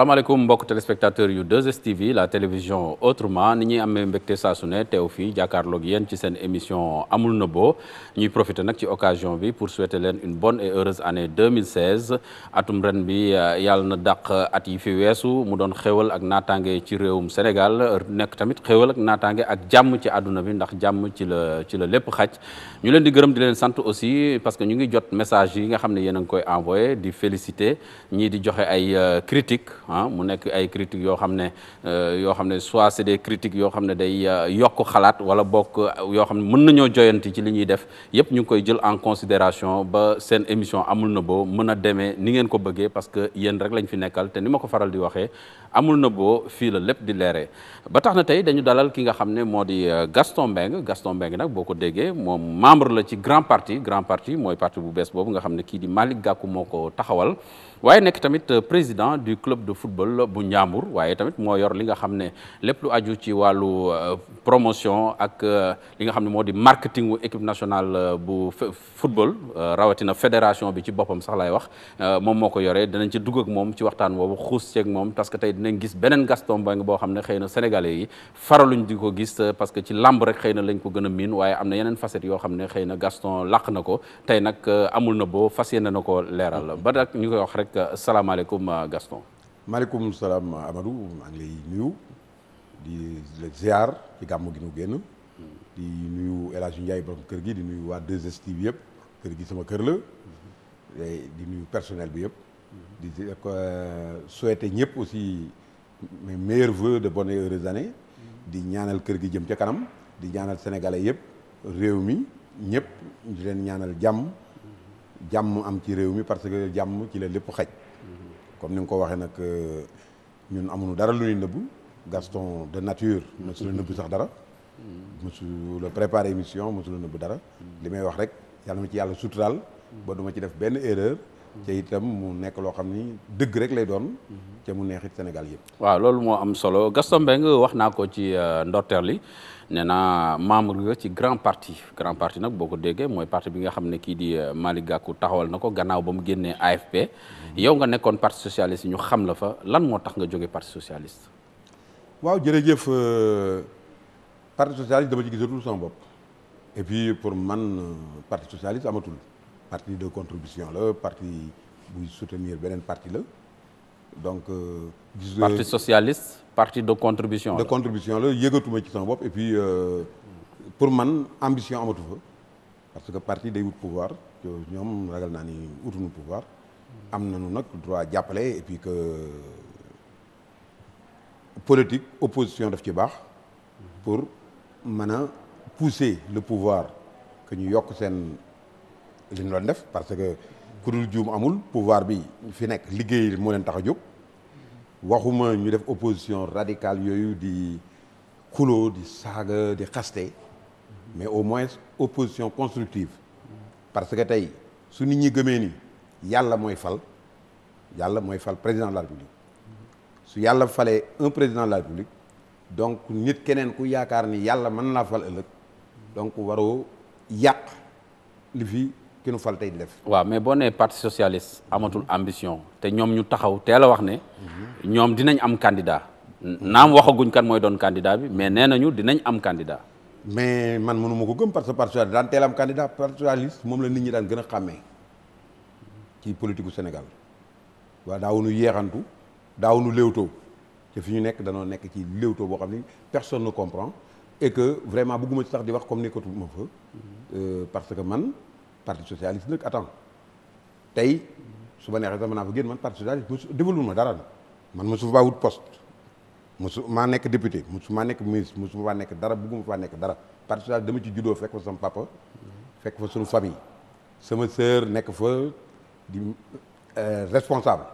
salaamaaleykum mbokk téléspectateurs yu 2STV la télévision autrement ni ñuy amee mbégte saa su ne teew fii jàkkaarloog yéen ci seen émission amul nëbbo ñuy profité nag ci occasion bi pour souhaiter leen une bonne et heureuse année 2016 atum ren bi euh, yàlla na dàq at yi fi weesu mu doon xéwal ak naataange ci réewum Sénégal nekk tamit xéwal ak naataange ak jàmm ci àdduna bi ndax jàmm ci la ci la lépp xaj ñu leen di gërëm di leen sant aussi parce que ñu ngi jot message yi nga xam ne yéen a ngi koy envoyé di féliciter ñii di joxe ay euh, critiques ah mu nekk ay critiques yoo xam ne euh, yoo xam ne soit c'est des critique yoo xam ne day euh, yokk xalaat wala bokk euh, yoo xam ne mën nañoo joyanti ci li ñuy def yépp ñu ngi koy jël en considération ba seen émission amul na boo mën a demee ni ngeen ko bëggee parce que yéen rek lañ fi nekkal te ni ma ko faral di waxee amul na boo fii la lépp di leeree ba tax na tey dañu dalal ki nga xam ne moo di Gaston Mbengue Gaston Mbengue nag boo ko déggee moom membre la ci Grand Parti Grand Parti mooy parti bu bees boobu nga xam ne kii di Malick Gakou moo ko waaye nekk tamit euh, président du club de football bu Njàmbur waaye tamit moo yor li nga xam ne lépp lu aju ci wàllu euh, promotion ak euh, li nga xam ne moo di marketing wu équipe nationale bu football rawatina fédération bi ci boppam sax lay wax moom moo ko yoree danañ ci dugg moom ci waxtaan boobu xus ceeg moom parce que tey dinañ gis beneen Gaston Mbengue boo xam ne xëy na sénégalais yi faraluñ di ko gis parce que ci làmb rek xëy na lañ ko gën a miin waaye am na yeneen facettes yoo xam ne xëy na Gaston làq na ko tey nag amul na boo fas yéene na ko leeral ba ñu koy wax rek rek euh, salaamaaleykum euh, Gaston. maaleykum salaam euh, Amadou maa ngi lay nuyu di la ziar ci gàmmu gi génn. di nuyu El Hadj Ndiaye borom kër gi di nuyu waa 2STV bi yëpp kër gi sama kër la. di nuyu personnel bi yëpp. di souhaiter ñëpp aussi mais meilleurs vœux de bonnes et années. di ñaanal kër gi jëm ca kanam. di ñaanal sénégalais yëpp réew mi ñëpp di leen ñaanal jàmm. jàmm am ci réew mi parce que jàmm ci la lépp xaj comme ni nga ko waxee nag euh, ñun amuñu dara lu ñuy nëbbu Gaston de nature mosu la nëbbu sax dara mosu la préparé émission mosu la nëbbu dara li may wax rek yàlla ma ci yàlla suturaal ba duma ci def benn erreur ci itam mu nekk loo xam ni dëgg rek lay doon te mu neexit Sénégal yëpp waaw loolu moo am solo Gaston Mbengue wax naa ko ci euh, ndorteel li nee naa membre yo ci grand parti grand parti nag boo ko déggee mooy parti bi nga xam ne kii di euh, Malick Gakou taxawal na ko gannaaw ba mu génnee AFP mhm. yow nga nekkoon parti socialiste ñu xam la fa lan moo tax nga jóge parti socialiste waaw jërëjëf euh, parti socialiste dama ci gisatul bopp et puis pour man euh, parti socialiste amatul parti de contribution la parti buy soutenir beneen parti la donc. Euh, socialist partie de contribution de contribution la yëgatuma ci sama bopp et puis euh, pour man ambition amatu fa parce que partie day wut pouvoir ñoom ragal naa ni utuñu pouvoir am nañu nag droit jàppale et puis que politique opposition def ci baax pour mën a pousser le pouvoir que ñu yokk seen li ñu doon def parce que ku dul juum amul pouvoir bi fi nekk liggéey moo leen tax a jóg waxuma ñu def opposition radicale yooyu di xuloo di saaga di xaste mais au moins opposition constructive parce que tey su nit ñi gëmee nii yàlla mooy fal yàlla mooy fal président de la république su yàlla falee un président de la république donc nit keneen ku yaakaar ni yàlla mën naa fal ëllëg donc waroo yàq li ki nu fal tey di def. waaw mais boo nee parti socialiste amatul ambition te ñoom ñu taxaw teel a wax ne. ñoom dinañ am candidat. naam waxaguñ kan mooy doon candidat bi mais nee nañu dinañ am candidat. mais man mënu ko gëm parce que parti socialiste daan teel am candidat parti socialiste moom la nit ñi daan gën a xàmmee ci politique gu Sénégal waaw daawuñu yeexantu daawuñu léewtoo te fi ñu nekk danoo nekk ci léewtoo boo xam ni personne ne comprend et que vraiment bëgguma ci sax di wax comme nekkatuma fa euh, parce que man. parti socialiste nag attends tey su ma neexee sax mën naa fa génn man parti socialiste mosu développé ma dara nag man mosu faa wut poste mosu maa nekk député mosu maa nekk ministre mosu faa nekk dara bugguma faa nekk dara parti socialiste dama ci juddoo fekk fa sama papa fekk fa suñu famille sama sœur nekk fa di euh, responsable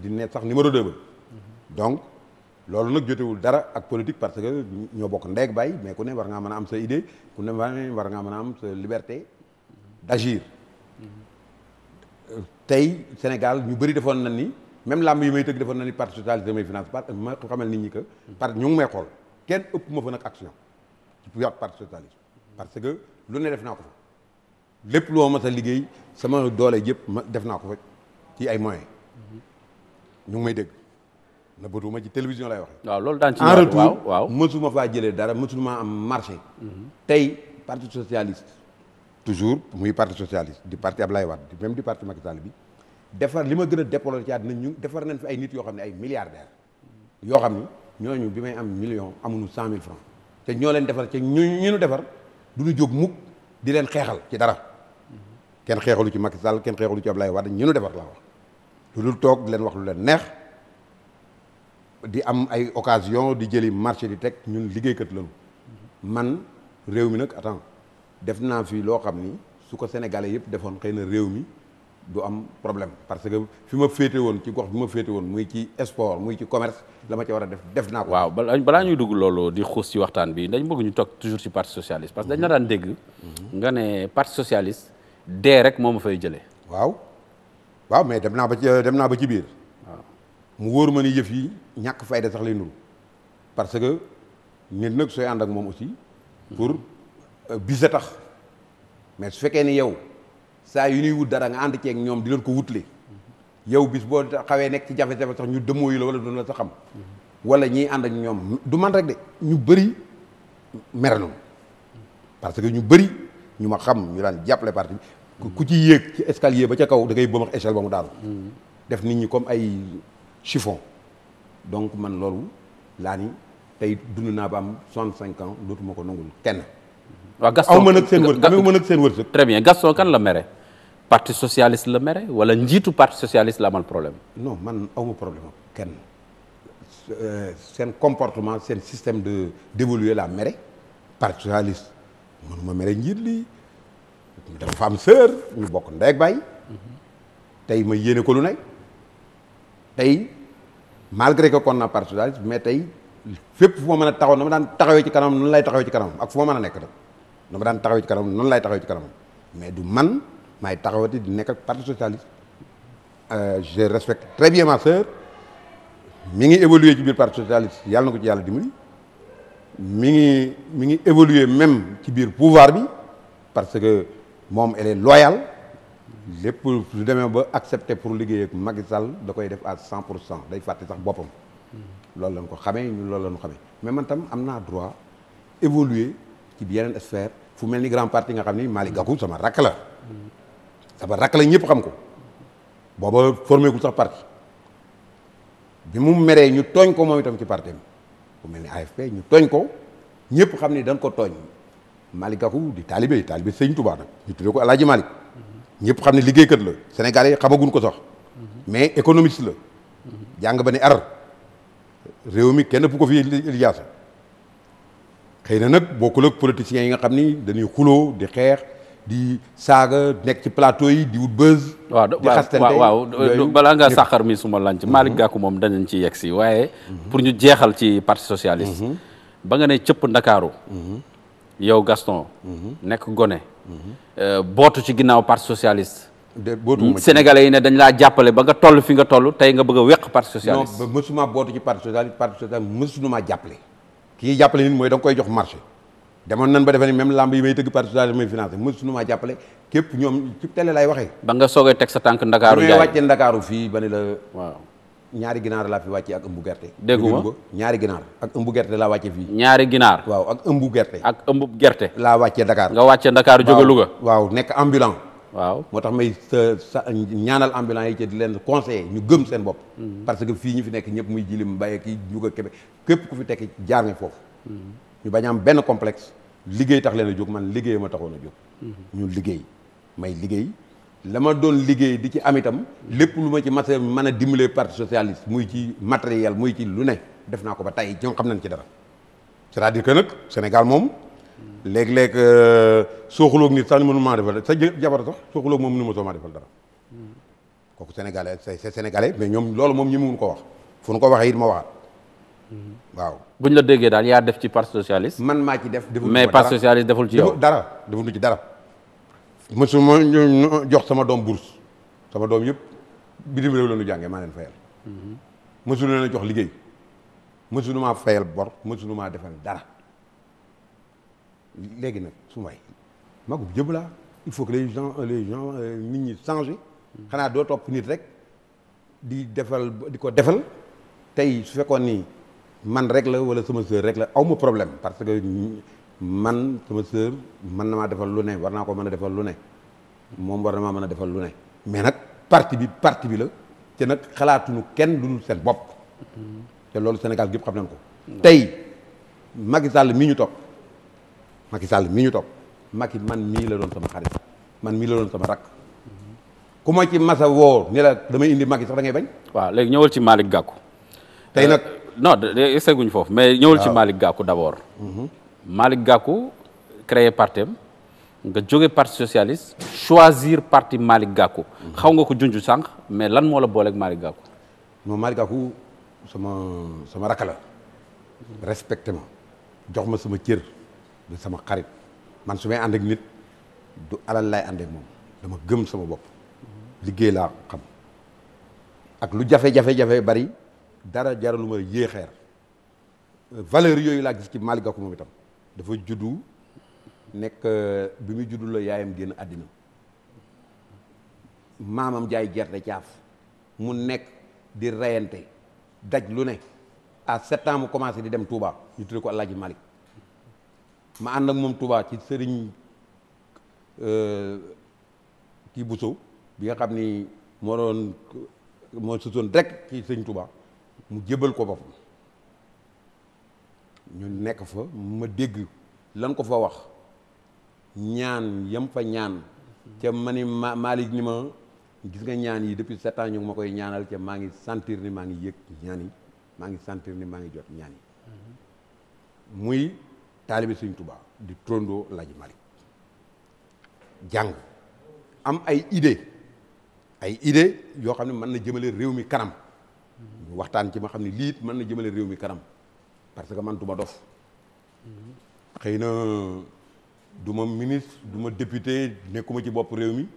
di ne sax numéro 2 ba donc loolu nag jotewul dara ak politique parce que ñoo bokk ndeeg bàyyi mais ku ne war ngaa mën a am sa idée d'agir tey Sénégal ñu bari defoon na ni même làmb yi may tëgg defoon na ni parti socialiste damay finance par ma xamal nit ñi par ñu ngi may kenn ëpp ma fa nag action ci yaat parti parce que lu ne def naa ko fa lépp loo ma sa liggéey sama doole yëpp ma def naa ko fa ci ay moyens ñu ngi may dégg na bëtuma ci télévision lay waxe waaw loolu daan ci en retour mësuma faa jëlee dara mësuma am marché mhm. tey parti socialiste toujours muy parti socialiste di parti Ablaye Wade même di parti Macky bi defar li ma gën a déploré ci àddina ñu defar nañ fi ay nit yoo xam ne ay milliardaires yoo xam ni ñooñu bi may am million amuñu cent mille francs te ñoo leen defar ci ñu ñu ñu defar du ñu jóg mukk di leen xeexal ci dara kenn xeexalu ci Macky Sall kenn xeexalu ci Ablaye Wade ñu ñu defar laa wax lu dul toog di leen wax lu leen neex di am ay occasion di jëli marché di teg ñun liggéeykat lañu man réew mi nag attends def naa fi loo xam ni su ko sénégalais yëpp defoon xëy na réew mi du am problème parce que fi ma féete woon ci gox bi ma féete woon muy ci sport muy ci commerce la ma ci war a def def naa ko. waaw balaa ñuy dugg loolu di xuus ci waxtaan bi dañ bëgg ñu toog toujours ci parti socialiste parce que dañ la daan dégg. nga ne parti socialiste dee rek moo ma fay jëlee. waaw waaw mais dem naa ba ci dem ba ci biir. waaw mu wóor ma ni yëf yi ñàkk de sax lay nuru parce que nit nag ànd ak moom aussi bis a tax mais su fekkee ni yow saa yu nuy wut dara nga ànd ceeg ñoom di leen ko wutle yow bis boo xawee nekk ci jafe-jafe sax ñu demoo la wala doon la sa xam wala ñiy ànd ak ñoom du man rek de ñu bëri meranu parce que ñu bëri ñu ma xam ñu daan jàppale parti ku ci yéeg ci escalier ba ca kaw da ngay bëm ak échelle ba mu daanu def nit ñi comme ay chiffon donc man loolu laa ni tey dund naa ba am soixante-cinq ans dootuma ko nangul kenn waaw Gaston aw ma nag seen wërsëg aw ma nag seen bien Gaston kan la mere parti socialiste la mere wala njiitu parti socialiste la amal problème. non man aw ma problème kenn seen comportement seen système de d'évoluer la mere parti socialiste mënuma mere njiit lii dafa am sœur ñu bokk ndey bay baay tey ma yéene kolu lu nekk tey malgré que na parti socialiste mais tey fépp fu ma mën a taxaw na ma daan taxawee ci kanam lay taxawee ci kanam ak fu ma mën a nekk nag. dama daan taxaw ci kanam lay taxaw ci kanam mais du man maay taxawati di nekkat ak parti socialiste euh, je respecte très bien ma sœur mi ngi évoluer ci biir parti socialiste yàlla na ko ci yàlla dimbali mi ngi mi ngi évoluer même ci biir pouvoir bi parce que moom elle est loyale lépp lu demee ba accepté pour liggéey ak Macky Sall da koy def à cent pour cent day fàtte sax boppam loolu lañ ko xamee ñu loolu lañu xamee mais man tam am naa droit évoluer ci yeneen sphère fu mel ni grand parti nga xam ni Malick Gakou sama rakk la sama rakk la ñëpp xam ko booba formé gul sax parti bi mu meree ñu tooñ ko moom itam ci parti fu mel ni AFP ñu tooñ ko ñëpp xam ni dañ ko tooñ Malick Gakou di taalibe taalibe sëñ Touba nag ñu tuddee ko Alaaji Malick ñëpp xam ne kat la Sénégalais yi xamaguñ ko sax mais économiste la jàng ba ne ar réew mi kenn pu ko fi lijaasa xëy na nag bokkul ak politiciens yi nga xam ni dañuy xuloo di xeex di saaga nekk ci plateau yi di wut buzz. di xastante waaw waaw balaa ngaa saxar mi suma lanc mhm. Malick Gakou moom danañ ci yegg si waaye. Mhm. pour ñu jeexal ci parti socialiste. Mhm. ba nga ne cëpp ndakaaru yow Gaston. nekk gone. Euh, bootu ci ginnaaw parti socialiste. bootuma Sénégalais yi ne dañ laa jàppale ba nga toll fi nga toll tey nga bëgg a weq parti socialiste. non ba mësuma bootu ci parti socialiste parti socialiste mësuma jàppale. kii jàppale nit mooy da nga koy jox marché demoon nan ba defee ni même lamb yi may tëgg participation may financé mo suñu ma jàppale képp ñoom ci télé lay waxee ba nga soogee teg sa tànk ndakaaru jaay wàcce ndakaaru fii ba ne la ñaari ginaar laa fi wàcce ak ëmbu gerte dégguma ko ñaari ginaar ak ëmbu gerte laa wàcce fii ñaari ginaar waaw ak ëmbu gerte gerte laa wàcce Dakar nga wàcce ndakaar jóge Louga waaw nekk ambulant waaw moo tax may sa sa ñaanal ambulants yi ci di leen conseiller ñu gëm seen bopp mm-hmm. parce que fii ñu fi nekk ñëpp muy jilim mbaye ki ñu a kebe képp ku fi tekki jaar nga foofu mm-hmm. ñu bañ am benn complexe liggéey tax leen a jóg man liggéey ma taxoon a jóg mm-hmm. ñu liggéey may liggéey la ma doon liggéey di ci am itam lépp lu ma ci matériel mën a dimbalee parti socialiste muy ci matériel muy ci lu ne def naa ko ba tey ñoom xam nañ ci dara c'est-à-dire Sénégal moom léeg-léeg euh, soo xuloo ak nit sax mënu maa defal sa jabar sax soo xuloo ak moom nu ma soo maa defal dara kooku sénégalais sa sénégalais mais ñoom loolu moom ñi mun ko wax fu nu ko waxee it ma waxaat waaw. bu ñu la déggee daal yaa def ci parti socialiste. man maa ci def deful mais parti socialiste deful ci yow dara deful ci dara. mosuma ñu jox sama doom bourse sama doom yëpp bitim réew la ñu jàngee maa leen fayal. Mhm. mosu leen jox liggéey mosu nu maa fayal bor mosu nu maa defal dara. léegi nag sumay may magub jëm il faut que les gens les gens euh, nit ñi changé xanaa doo topp nit rek di defal di ko defal tey su fekkoon nii man rek la wala sama sœur rek la aw ma problème parce que man sama sœur mën na maa defal lu ne war naa ko mën a defal lu ne moom war na maa mën a defal lu ne mais nag parti bi parti bi la te nag xalaatuñu kenn lu dul seen bopp mm-hmm. te loolu Sénégal gépp xam nañ ko mm-hmm. tey Macky Sall mii ñu topp Macky Sall mii ñu topp Macky man mii la doon sama xarit man mii la doon sama rakk ku ma ci masa woo ni damay indi Macky sax da ngay bañ. waaw léegi ñëwal ci Malick Gakou. tey nag euh, non de seguñ foofu mais. ñëwal ci Malick gàkku d' abord. Mhm. Malick Gakou créé parti nga jóge parti socialiste choisir parti Malick Gakou. Mhm. xaw nga ko junj sànq mais lan moo la booleeg Malick Gakou. moom Malick Gakou sama sama rakk respecté ma jox ma sama cër. sama xarit man su may ànd nit du alal lay àndee moom dama gëm sama bopp liggéey laa xam ak lu jafe-jafe-jafe bari dara jaralu ma yéexeer valeur yooyu laa gis ci Malick Gakou moom itam dafa juddu nekk bi muy juddu la yaayam génn àddina maamam jaay gerte caaf mu nekk di reyante daj lu ne à sept mu commencé di dem Touba ñu tuddee ko Alaaji Malick ma ànd moom tubaa ci sëriñ euh, kii Bousso bi nga xam ni moo doon moo sutoon rek ci sëriñ Touba mu jébal ko boppam ñu nekk fa ma dégg lan ko fa wax ñaan yam fa ñaan ca ma ni ma Malick ni ma gis nga ñaan yi depuis sept ans ñu ma koy ñaanal ca maa ngi sentir ni maa ngi yëg ñaan yi maa ngi sentir ni maa ngi jot ñaan mm-hmm. muy taalibe sëñ Tuubaa di trondoo Laaji Malik jàng am ay idée ay idée yoo xam ne mën na jëmale réew mi kanam waxtaan ci ma xam ne lii it mën na jëmale réew mi kanam parce que man du ma dof xëy na duma ma ministre du ma député nekkuma ci bopp réew mi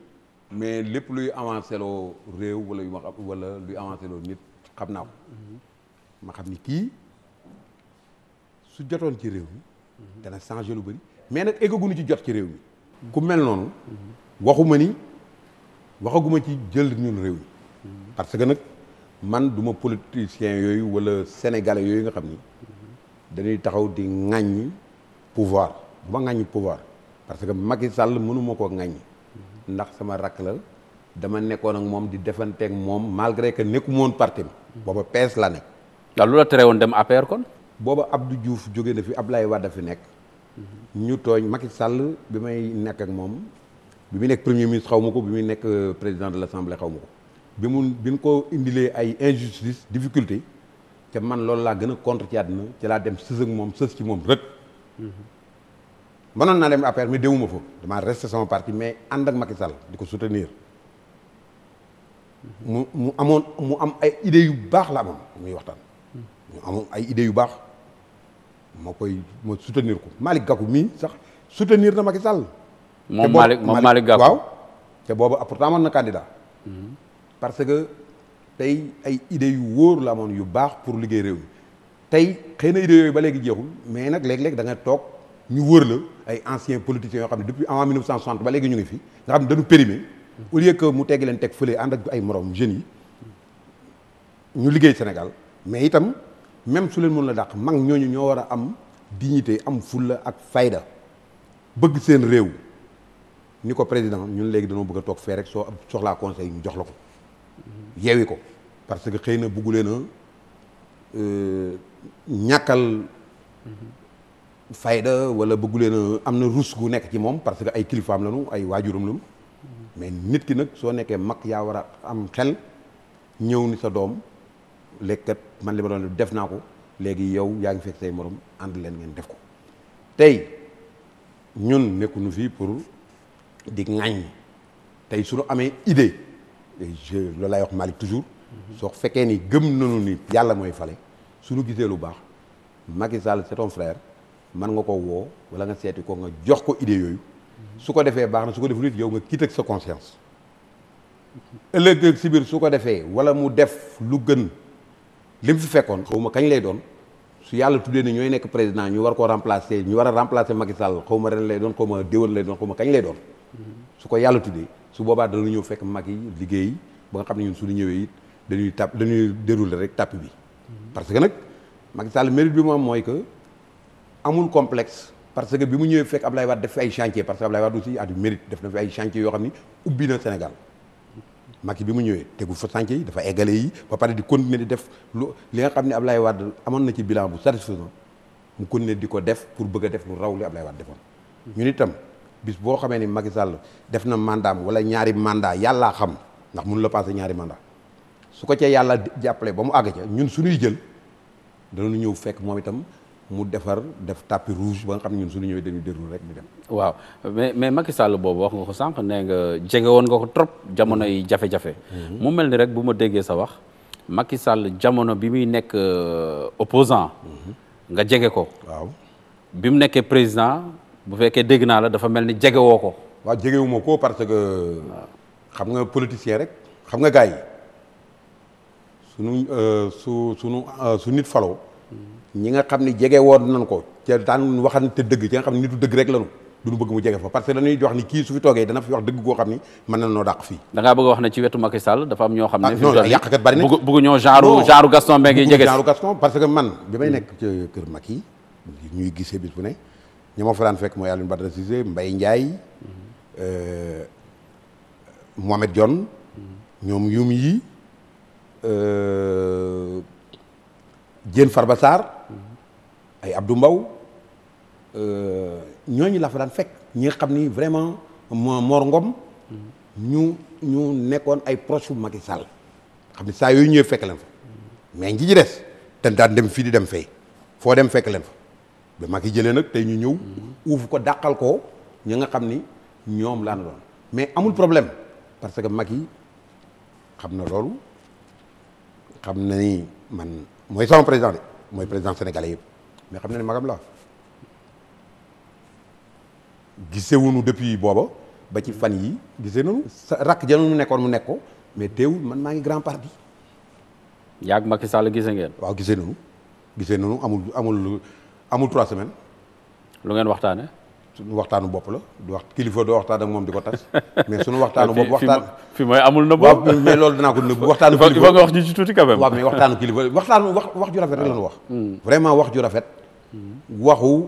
mais lépp luy avancé loo réew wala yu ma xam wala luy avancé loo nit xam naa ko mm-hmm. ma xam ni kii su jotoon ci réew mi dana changé lu bëri mais nag eggaguñu ci jot ci réew mi ku mel noonu waxuma ni waxaguma ci jël ñun réew mi parce que nag man du ma politicien yooyu wala sénégalais yooyu nga xam ni dañuy taxaw di ŋàññi pouvoir bu ma ŋàññi pouvoir parce que Macky Sall mënuma ko ŋàññi ndax sama rakk la dama nekkoon ak moom di defanteeg moom malgré que nekku moon parti booba pees la nekk. waaw lu la tere woon dem APR kon. booba Abdou Diouf jóge na fi Abdoulaye Wade fi nekk. Mhm. ñu tooñ Macky Sall bi may nekk moom bi muy nekk premier ministre xaw ma ko bi muy nekk euh, président de l' assemblée xaw ma ko bi mu bi ñu ko indilee ay injustice difficulté te man loolu laa gën a contre ci àddina ci laa dem sës ak moom sës ci moom rët. Mhm. mënoon naa dem APR mais déwuma fa damaa resté sama parti mais ànd ak Macky Sall di ko soutenir mhm. mu mu amoon mu am ay idées yu baax la amoon muy waxtaan. mu amoon ay idées yu moo koy moo soutenir ko Malick Gakou mii sax soutenir na Macky Sall. moom Malick moom Malick Gakou waaw. te boobu pourtant amoon na candidat. Mm-hmm. parce que tey ay idées yu wóor la moon yu baax pour liggéey réew mi tey xëy na idées yooyu ba léegi jeexul mais nag léeg-léeg da nga toog ñu wër la ay anciens politiciens yoo xam ne depuis avant 1960 ba léegi ñu ngi fi nga xam ne dañu périmé. au lieu que mu teggi leen teg fële ànd ak ay moroom jeunes yi ñu liggéey Sénégal mais itam. même su leen mën la dàq mag ñooñu ñoo war a am dignité am fulla ak fayda bëgg seen réew ni ko président ñun léegi dañoo bëgg toog fee rek soo soxlaa conseil ñu jox la ko yeewi ko parce que xëy na bëggu leen a euh, ñàkkal fayda wala bëggu leen am na rus gu nekk ci moom parce que ay kilifaam lañu ay waajuram lañu mais nit ki nag soo nekkee mag yaa war a am xel ñëw ni sa doom léegi man li ma doon def naa ko léegi yow yaa ngi fekk say morom ànd leen ngeen def ko tey ñun nekkuñu fii pour di ŋaññ tey su suñu amee idée je loolu laay wax Malick toujours mhm. soo fekkee ni gëm nañu ni yàlla mooy fale suñu gisee lu baax Macky Sall c'est ton mën nga ko woo wala nga seeti ko nga jox ko idée yooyu mhm. su ko defee baax na su ko defee nit yow nga quitte ak sa conscience ëllëg si biir su ko defee wala mu def lu gën lim fi fekkoon xawma kañ lay doon su yàlla tuddee ne ñooy nekk président ñu war koo remplacer ñu war a remplacer Macky Sall xawma ren lay doon xawma déwén lay doon xawma kañ lay doon su ko yàlla tuddee su boobaa dana ñëw fekk mag yi liggéey ba nga xam ne ñun suñu ñëwee it dañuy tàpp dañuy dérouler rek tàpp bi parce que nag Macky Sall mérite bi mu am mooy que amul complexe parce que bi mu ñëwee fekk Ablaye Wade def fi ay chantier parce que Ablaye Wade aussi du mérite def na fi ay yoo xam ni ubbi Sénégal Macky bi mu ñëwee tegu fa sànq yi dafa eggale yi ba pare di continuer di def lu li nga xam ne Ablaye Wade amoon na ci bilan bu satisfaisant mu continuer di ko def pour bëgg a def lu raw li Ablaye Wade defoon. ñun itam bis boo xamee ni Macky Sall def na mandaam wala ñaari mandat yàllaa xam ndax mun la passé ñaari mandat su ko cee yàlla jàppale ba mu àgg ca ñun suñuy jël danañu ñëw fekk moom itam. mu defar def tapis rouge ba nga xam ñun ñun suñu ñëwee dañuy déroul rek di dem. waaw mais mais Macky Sall boobu wax nga ko sànq nee nga jege woon nga ko trop jamono yi jafe-jafe. Mhm. mu mel ni rek bu ma déggee sa wax Macky Sall jamono bi muy nekk euh, opposant mhm. nga jege ko. waaw bi mu nekkee président bu fekkee dégg naa la dafa mel ni jege woo ko. waa jegewuma ko parce que xam nga politicien rek xam nga gars yi sunu euh, su sunu euh, su nit faloo. Mhm. ñi nga xam ni jege woon nañ ko ca daan waxante dëgg ci nga xam ne nitu dëgg rek lañu duñu bëgg mu jege parce que dañuy wax ni kii su fi toogee dana fi wax dëgg xam ni mën na noo dàq fii da ngaa a wax ne ci wetu Macky ñoo xam ne ah, non yàqkat bari na bëgg ñoo genre genre Gaston Mbengue yi jege genre Gaston parce que man bi may nekk ci kër Macky ñuy gisee bis bu ne ñi ma fa fekk mooy Alioune Badara Cissé Mbaye Ndiaye euh, Mohamed yi euh, Diène Farba Sarr ay Abdou Mbow euh, ñooñu la fa daan fekk ñi nga xam ni vraiment Mor Ngom ñu ñu nekkoon ay proche bu Macky Sall xam ni saa yooyu ñëwee fekk leen fa mais ñi ci des te daan dem fii di dem fay foo dem fekk leen fa ba Macky jëlee nag tey ñu ñëw uuf ko dàqal ko ñi nga xam ni ñoom laa laan doon mais amul problème parce que Macky xam na loolu xam na ni man mooy sama président de mooy président sénégalais yëpp mais xam na ne magam la gisewuñu depuis booba ba ci fan yi gise nañu sa rakk ja mu nekkoon mu nekk ko mais teewul man maa ngi grand parti yàgg ak Macky Sall gise ngeen waaw gise nañu gise nañu amul amul amul trois semaine lu ngeen waxtaane suñu waxtaanu bopp la du wax kilifa doo waxtaan ak moom di ko tas mais suñu waxtaanu bopp waxtaan fi mooy amul na boobu mais loolu danaa ko nëbb waxtaanu kilifa il faut nga wax ñu ci tuuti quand même waaw mais waxtaanu wax wax ju rafet rek la ñu wax hmm. vraiment hmm. waxu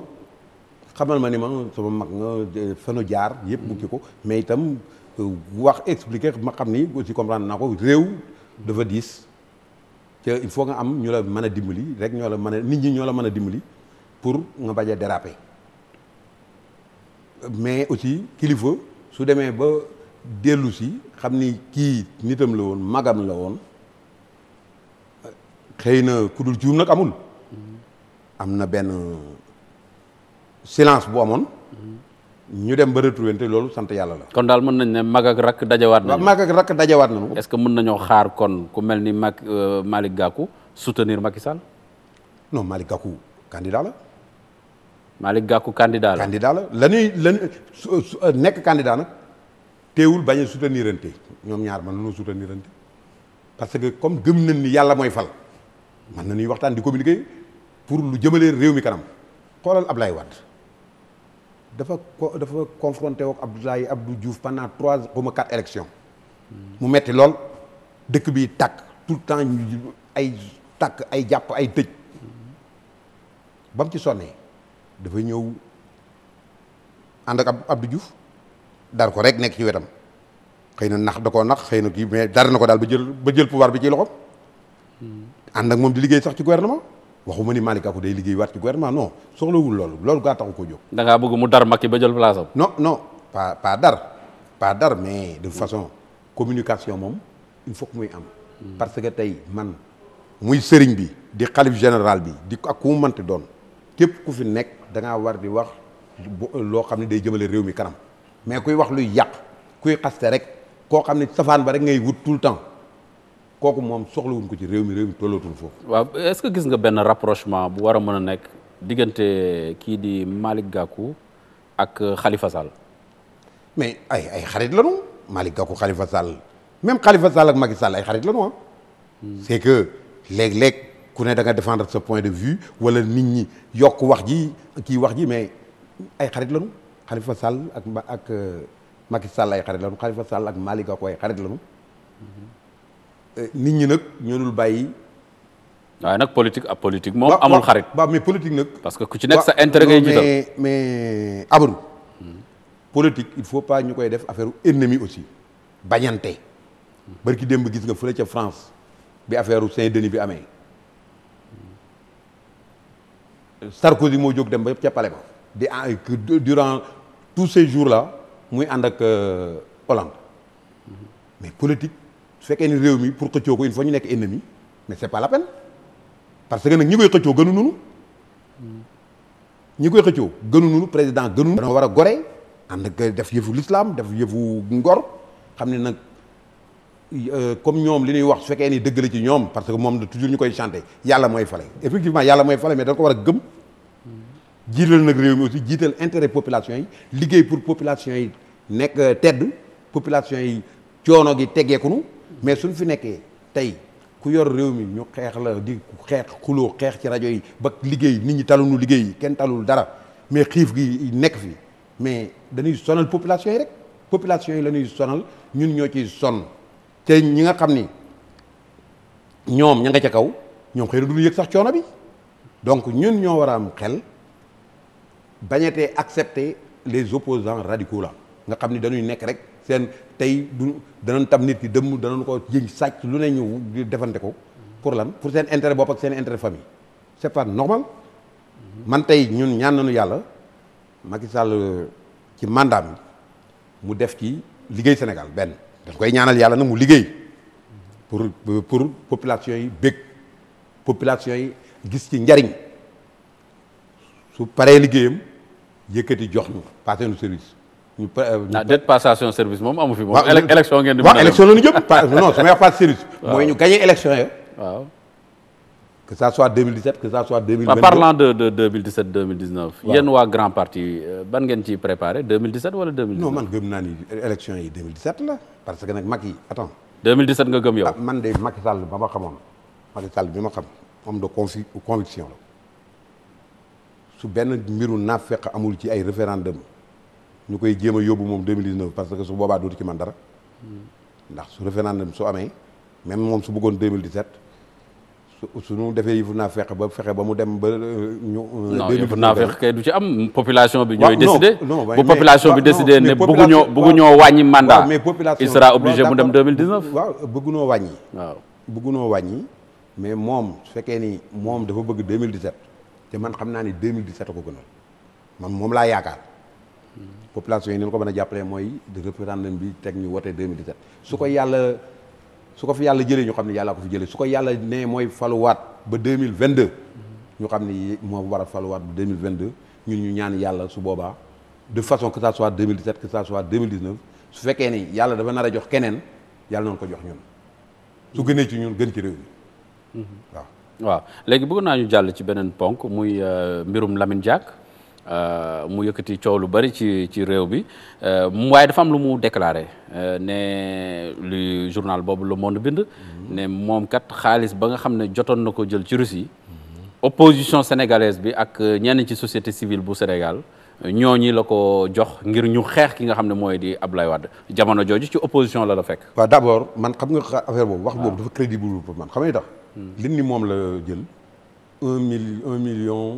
xamal ma ni ma sama mag nga fanu jaar yëpp bukki ko mais itam euh, wax expliquer ma xam ni aussi comprendre naa ko réew dafa diis te il faut nga am ñu la mën a dimbali rek ñoo la mën a nit ñoo la mën a dimbali pour nga bañ a déraper mais aussi kilifa su demee ba dellu si xam ni kii nitam la woon magam la woon xëy na ku dul juum nag amul am na benn silence bu amoon ñu dem ba retrouver loolu sant yàlla la. kon daal mën nañ ne mag ak rakk dajawaat nañu. mag ak rakk dajawaat nañu. est-ce que mën nañoo xaar kon ku mel ni mag euh, Malick Gakou soutenir Macky Sall. non Malick Gakou candidat la. maa Malick Gakou candidat la candidat la la ñuy lan euh, nekk candidat nag teewul bañ a soutenirante ñoom ñaar man mën nañoo soutenirante parce que comme gëm nañ ni yàlla mooy fal mën nuy waxtaan di communiquer pour lu jëmalee réew mi kanam xoolal Ablaye Wade dafa dafa confronté woo Abdoulaye Abdou Diouf pendant trois ou bien quatre hmm. mu metti lool dëkk bi tàkk tout le temps ay tàkk ay jàpp ay tëj hmm. ba mu ci sonnee dafa ñëw ànd ak Abdou Diouf dar ko rek nekk ci wetam xëy na nax da koo nax xëy na kii mais dar na ko daal ba jël ba jël pouvoir bi ci loxoom. Hmm. ànd ak moom di liggéey sax ci ma waxuma ni Malick Gakou day liggéey waat ci gouvernement no soxlawul loolu loolu gaa taxu ko jóg. da ngaa bëgg mu dar Macky ba jël place am. non non pas pas dar pas dar mais de toute façon communication moom il faut muy am. Hmm. parce que tey man muy sëriñ bi di xalif général bi di ak ku mu mënti doon. képp ku fi nekk da ngaa war di wax loo xam ne day jëmale réew mi kanam mais kuy wax luy yàq kuy xaste rek koo xam ne safaan ba rek ngay wut tout le temps kooku moom soxla soxlawuñ ko ci réew mi réew mi tollootul foofu. waaw est-ce que gis nga benn rapprochement bu war a mën a nekk diggante kii di Malick Gakou ak Khalifa Sall. mais ay ay xarit la ñu Malick Gakou Khalifa Sall même Khalifa Sall ak Macky Sall ay xarit la ñu ah. Hmm. c'est que léeg-léeg. ku ne da nga défendre sa point de vue walla nit ñi yokk wax ji kii wax ji mais ay xarit lañu Khalifa Sall ak ak euh, Macky Sall ay xarit lañu Khalifa Sall ak Malick Gakou ay xarit lañu euh, nit ñi nag ñoo dul bàyyi. waaye nag politique ab ah, politique moom amoon xarit. ba mais politique nag. parce que ku ci nekk sa intérêt ngay jiital mais mais Amadou. politique il faut pas ñu koy def affaire ennemi aussi bañante. barki démb gis nga fële ca France bi affaire Saint-Denis bi amee. Sarkozy moo jóg dem ba ca palais ba di durant tous ces jours la muy ànd ak euh, Hollande mm-hmm. mais politique su fekkee ni réew mi pour xëccoo ko il faut ñu nekk ennemi mais c'est pas la peine parce que nag ñi koy xëccoo gënu nunu ñi koy xëccoo gënu nunu président gënu. dañoo war a gore ànd ak def yëfu l'islam def yëfu ngor xam ne nag. Euh, comme ñoom li ñuy wax su fekkee ni dëgg ci ñoom parce que moom toujours ñu koy chanté yàlla mooy fale effectivement yàlla mooy fale mais da ko war a gëm jiital nag réew mi aussi jiital intérêt population yi liggéey pour population yi nekk euh, tedd population yi coono gi teggeekunu mais suñ fi nekkee tey ku yor réew mi ñu xeex la di xeex xuloo xeex ci rajo yi ba liggéey nit ñi taluñu liggéey kenn talul dara mais xiif gi nekk fi mais dañuy sonal population population yi la ñuy sonal ñun ñoo ciy sonn te ñi nga xam ni ñoom ña nga ca kaw ñoom xëy na duñu yëg sax coono bi donc ñun ñoo war a am xel bañatee accepter les opposants radicaux la nga xam ni dañuy nekk rek seen tey du danañ tam nit ki dëmm danañ ko jëñ sàcc lu ne ñëw defante ko pour lan pour seen intérêt bopp ak seen intérêt famille c'est pas normal man tey ñun ñaan nañu yàlla Macky Sall ci mandat mi mu def ci liggéey Sénégal benn dañ koy ñaanal yàlla na mu liggéey pour pour population yi bëgg population yi gis ci njariñ su paree liggéeyam yëkkati jox ñu passé nu service. ñu euh, ah, pa déet passation service moom amu fi. moom élection ngeen di. mën a élection la ñu jëm non su may wax passé service. mooy ñu gagné élection ya que ça soit 2017 que ça soit 2022 parlant de de 2017 2019. waaw yéen waa grand parti ban ngeen ciy préparé 2017 wala 2019. non man gëm naa ni élection yi 2017 la parce que nag Macky attends. 2017 nga gëm yow. man de Macky Sall ba ma xamoon Macky Sall bi ma xam homme de convi conviction la su benn mbiru naafeq amul ci ay référendum ñu koy jéem a yóbbu moom 2019 parce que su boobaa dootu ci man dara ndax su référendum su amee même moom su bëggoon 2017. suñu defee yëfu naa fexe ba fexe ba mu dem ba euh, ñu. Euh, non naa fexe kay du ci am population bi. ñooy décidé bu population bi décidé ne bëgguñoo ñoo wàññi mandat. mais population il sera obligé mu dem 2019. waaw bëggunoo wàññi. waaw bëggunoo wàññi mais moom su fekkee ni moom dafa bëgg mille 2017 te man xam naa ni ne 2017 a ko gënal man moom laa yaakaar. Hmm. population yi ni ko mën a jàppalee mooy référendum bi teg ñu wote 2017 su ko yàlla. su ko fi yàlla jëlee ñu xam ne yàllaa ko fi jëlee su ko yàlla nee mooy faluwaat ba deux mille vingt deux ñu xam ne moo war a faluwaat ba deux mille ñun ñu ñaan yàlla su boobaa de façon que ça soit deux mille dix sept que ça soit su fekkee ni yàlla dafa nar a jox keneen yàlla noonu ko jox ñun su gënee ci ñun gën ci réew mi mm-hmm. waaw. waaw léegi bëgg naa ñu jàll ci beneen ponk muy euh, mbirum lamin Diack. Euh, mu yëkkati coow lu bari ci ci réew bi euh, waaye dafa lu mu déclaré euh, ne lu journal boobu Le Monde bind. Mhm. ne moom kat xaalis ba nga xam ne jotoon na ko jël ci Russie. Mhm. opposition sénégalaise bi ak ñenn ci société civile bu Sénégal ñooñi la ko jox ngir ñu xeex ki nga xam ne mooy di Abdoulaye Wade jamono jooju ci opposition la la fekk. waaw d' abord man xam nga affaire boobu. wax boobu dafa crédible pour man xam nga tax. Hmm. li ni moom la jël un mille un million.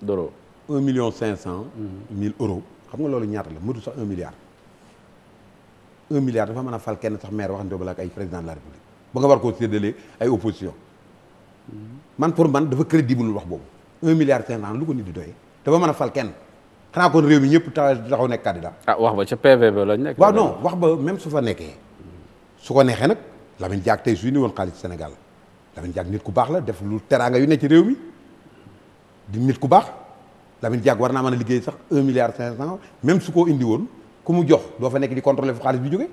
d'euros. un million cinq cent mille euros xam nga loolu ñaata la mëtu sax un milliard dafa mën a fal kenn sax maire waxante bala ak ay président de la république ba nga war koo séddalee ay opposition man pour man dafa crédible wax boobu un milliard cinq cent lu ko nit di doyee dafa mën a fal kenn xanaa kon réew mi ñëpp taxaw nekk candidat ah, wax ba ca PV ba lañ nekk waaw non wax ba même su fa nekkee su ko neexee nag Lamine Diack tey suy ni woon xaalis Sénégal Lamine Diack nit ku baax la def lu teraanga yu ne ci réew mi di nit ku baax Lamine Diack war naa mën a liggéey sax un milliard cinq cent su ko indi woon ku mu jox doo fa nekk di contrôler fu xaalis bi jóge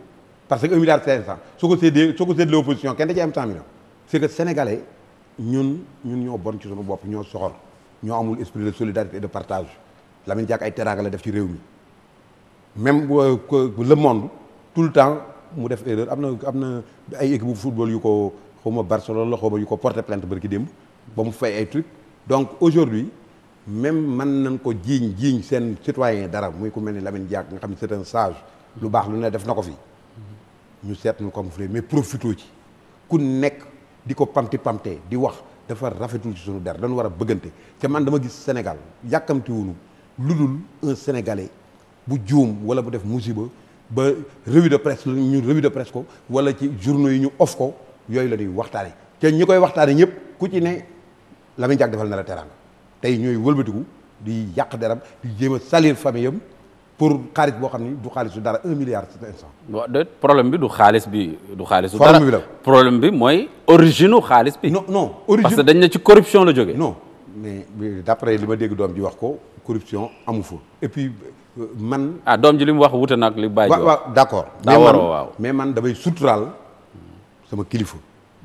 parce que un milliard cinq cent su ko séddee su ko séddee opposition kenn da ci am cent millions c'est que sénégalais ñun ñun ñoo bon ci suñu bopp ñoo soxor ñoo amul esprit de solidarité de partage Lamine Diack ay teraanga la def ci réew mi même euh, le monde tout le temps mu def erreur am na am na ay équipe bu football yu ko xawma Barcelone la xawma yu ko porté plainte bërki démb ba mu fay ay truc donc aujourd'hui même man nañ ko jiiñ jiiñ seen citoyen dara muy ku mel ni Lamine Diack nga xam ne c'est un sage lu baax lu ne def na ko fi ñu seet nu ko mu mais profito ci ku nekk di ko pamti pamtee di wax dafa rafetul ci suñu der dañu war a bëggante te man dama gis Sénégal yàkkamtiwunu lu dul un Sénégalais bu juum wala bu def musiba ba revue de presse ñu revue de presse ko wala ci journaux yi ñu of ko yooyu la ñuy waxtaane te ñi koy waxtaane ñëpp ku ci ne Lamine Diack defal na la teraanga tey ñooy wëlbatiku di yàq deram di jéem a salir famille am pour xaalis boo xam ni du xaalis du dara un milliard cinq cent. waaw de problème bi du xaalis bi du xaalis. du dara problème bi mooy origine u xaalis bi. non non origine parce que dañ ne ci corruption la jógee. non mais d' après li ma dégg doom ji wax ko corruption amu fa et puis euh, man. ah doom ji li mu wax wute nag li bàyyi. waaw waaw d' accord. mais man mais man damay suturaal sama kilifa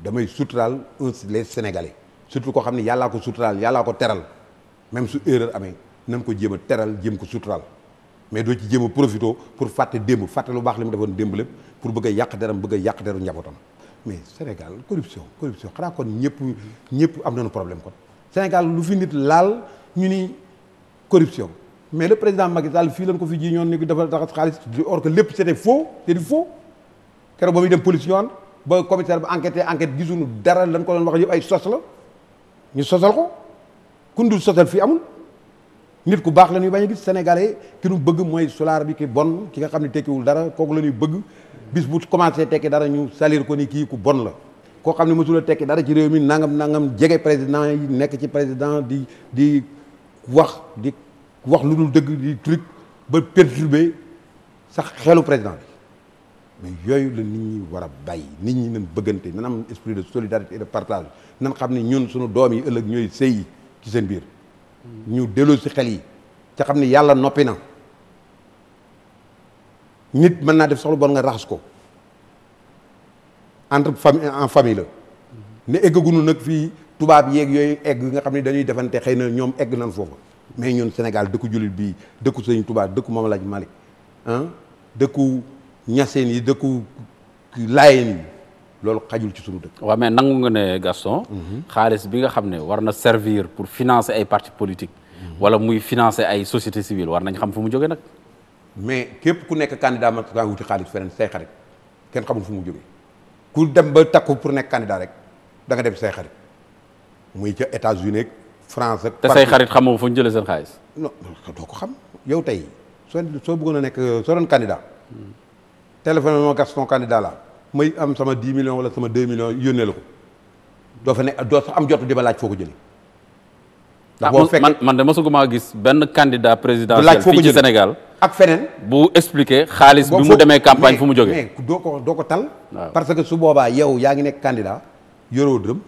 damay suturaal un les sénégalais surtout koo xam ni yàllaa ko suturaal yàllaa ko teral. même su erreur amee nañ ko jéem teral jéem ko suturaal mais doo ci jéem a profito pour fàtte démb fàtte lu baax li mu defoon démb lépp pour bëgg yàq deram bëgg a yàq deru njabootam mais Sénégal corruption corruption xanaa kon ñëpp ñëpp am nañu problème kon Sénégal lu fi nit laal ñu ni corruption mais le président Macky Sall fii lañ ko fi ji ñoon ni dafa taxas xaalis or que lépp c'était foo c'est du faux keroog ba muy dem police ñu ànd ba commissaire ba enquêté enquête dara lañ ko doon wax ay sos la ñu sosal ko kun dul sotal fi amul nit ku baax la ñuy bañ a gis sénégalais ki nu bëgg mooy solaar bi ki bon ki nga xam ne tekkiwul dara kooku la ñuy bëgg bis bu commencé tekki dara ñu salir ko ni kii ku bon la koo xam ne mësula tekki dara ci réew mi nangam nangam jege président yi nekk ci président di di wax di wax lu dul dëgg di truc ba perturbé sax xelu président bi mais yooyu la nit ñi war a bàyyi nit ñi nañ bëggante nan am esprit de solidarité et de partage xam ne ñun suñu doom yi ëllëg ñooy sëy ci seen biir ñu delloo ci xel yi te xam ne yàlla noppi na nit mën naa def soxla bon nga raxas ko entre famille en famille la ne eggagunu nag fii tubaab yeeg yooyu egg yi nga xam ne dañuy defante xëy na ñoom egg nañ foofu mais ñun Sénégal dëkku jullit bii dëkku sëñ tubaab dëkku Maam Alaaji Malick ah, dëkku ñaseen yi dëkku laayeen yi loolu xajul ci suñu dëkk. waaw mais nangu nga ne Gaston. Mhm. xaalis bi nga xam ne war na servir pour financer ay partis politiques. Mhm. wala muy financer ay société civile war nañ xam fu mu jógee nag. mais képp ku nekk candidat man kaa wuti xaalis feneen say xarit kenn xamul fu mu jógee ku dem ba takku pour nekk candidat rek da nga dem say xarit muy ca États-Unis ak France ak. te say xarit xamoo fu ñu jëlee seen xaalis. non doo ko xam yow tey soo soo bëggoon a nekk soo doon candidat mhm. Gaston candidat la may am sama 10 millions wala sama 2 millions yónnee la ko doo fa ne doo sax am jotu di ba laaj foo ko jëlee. ndax ah, boo fekkee man de ma de mosaguma gis benn candidat présidentiel fii ci Sénégal ak feneen. bu expliquer xaalis bi mu demee campagne fu mu jógee. mais doo ko doo ko tal. parce que su boobaa yow yaa ngi nekk candidat yoroo dërëm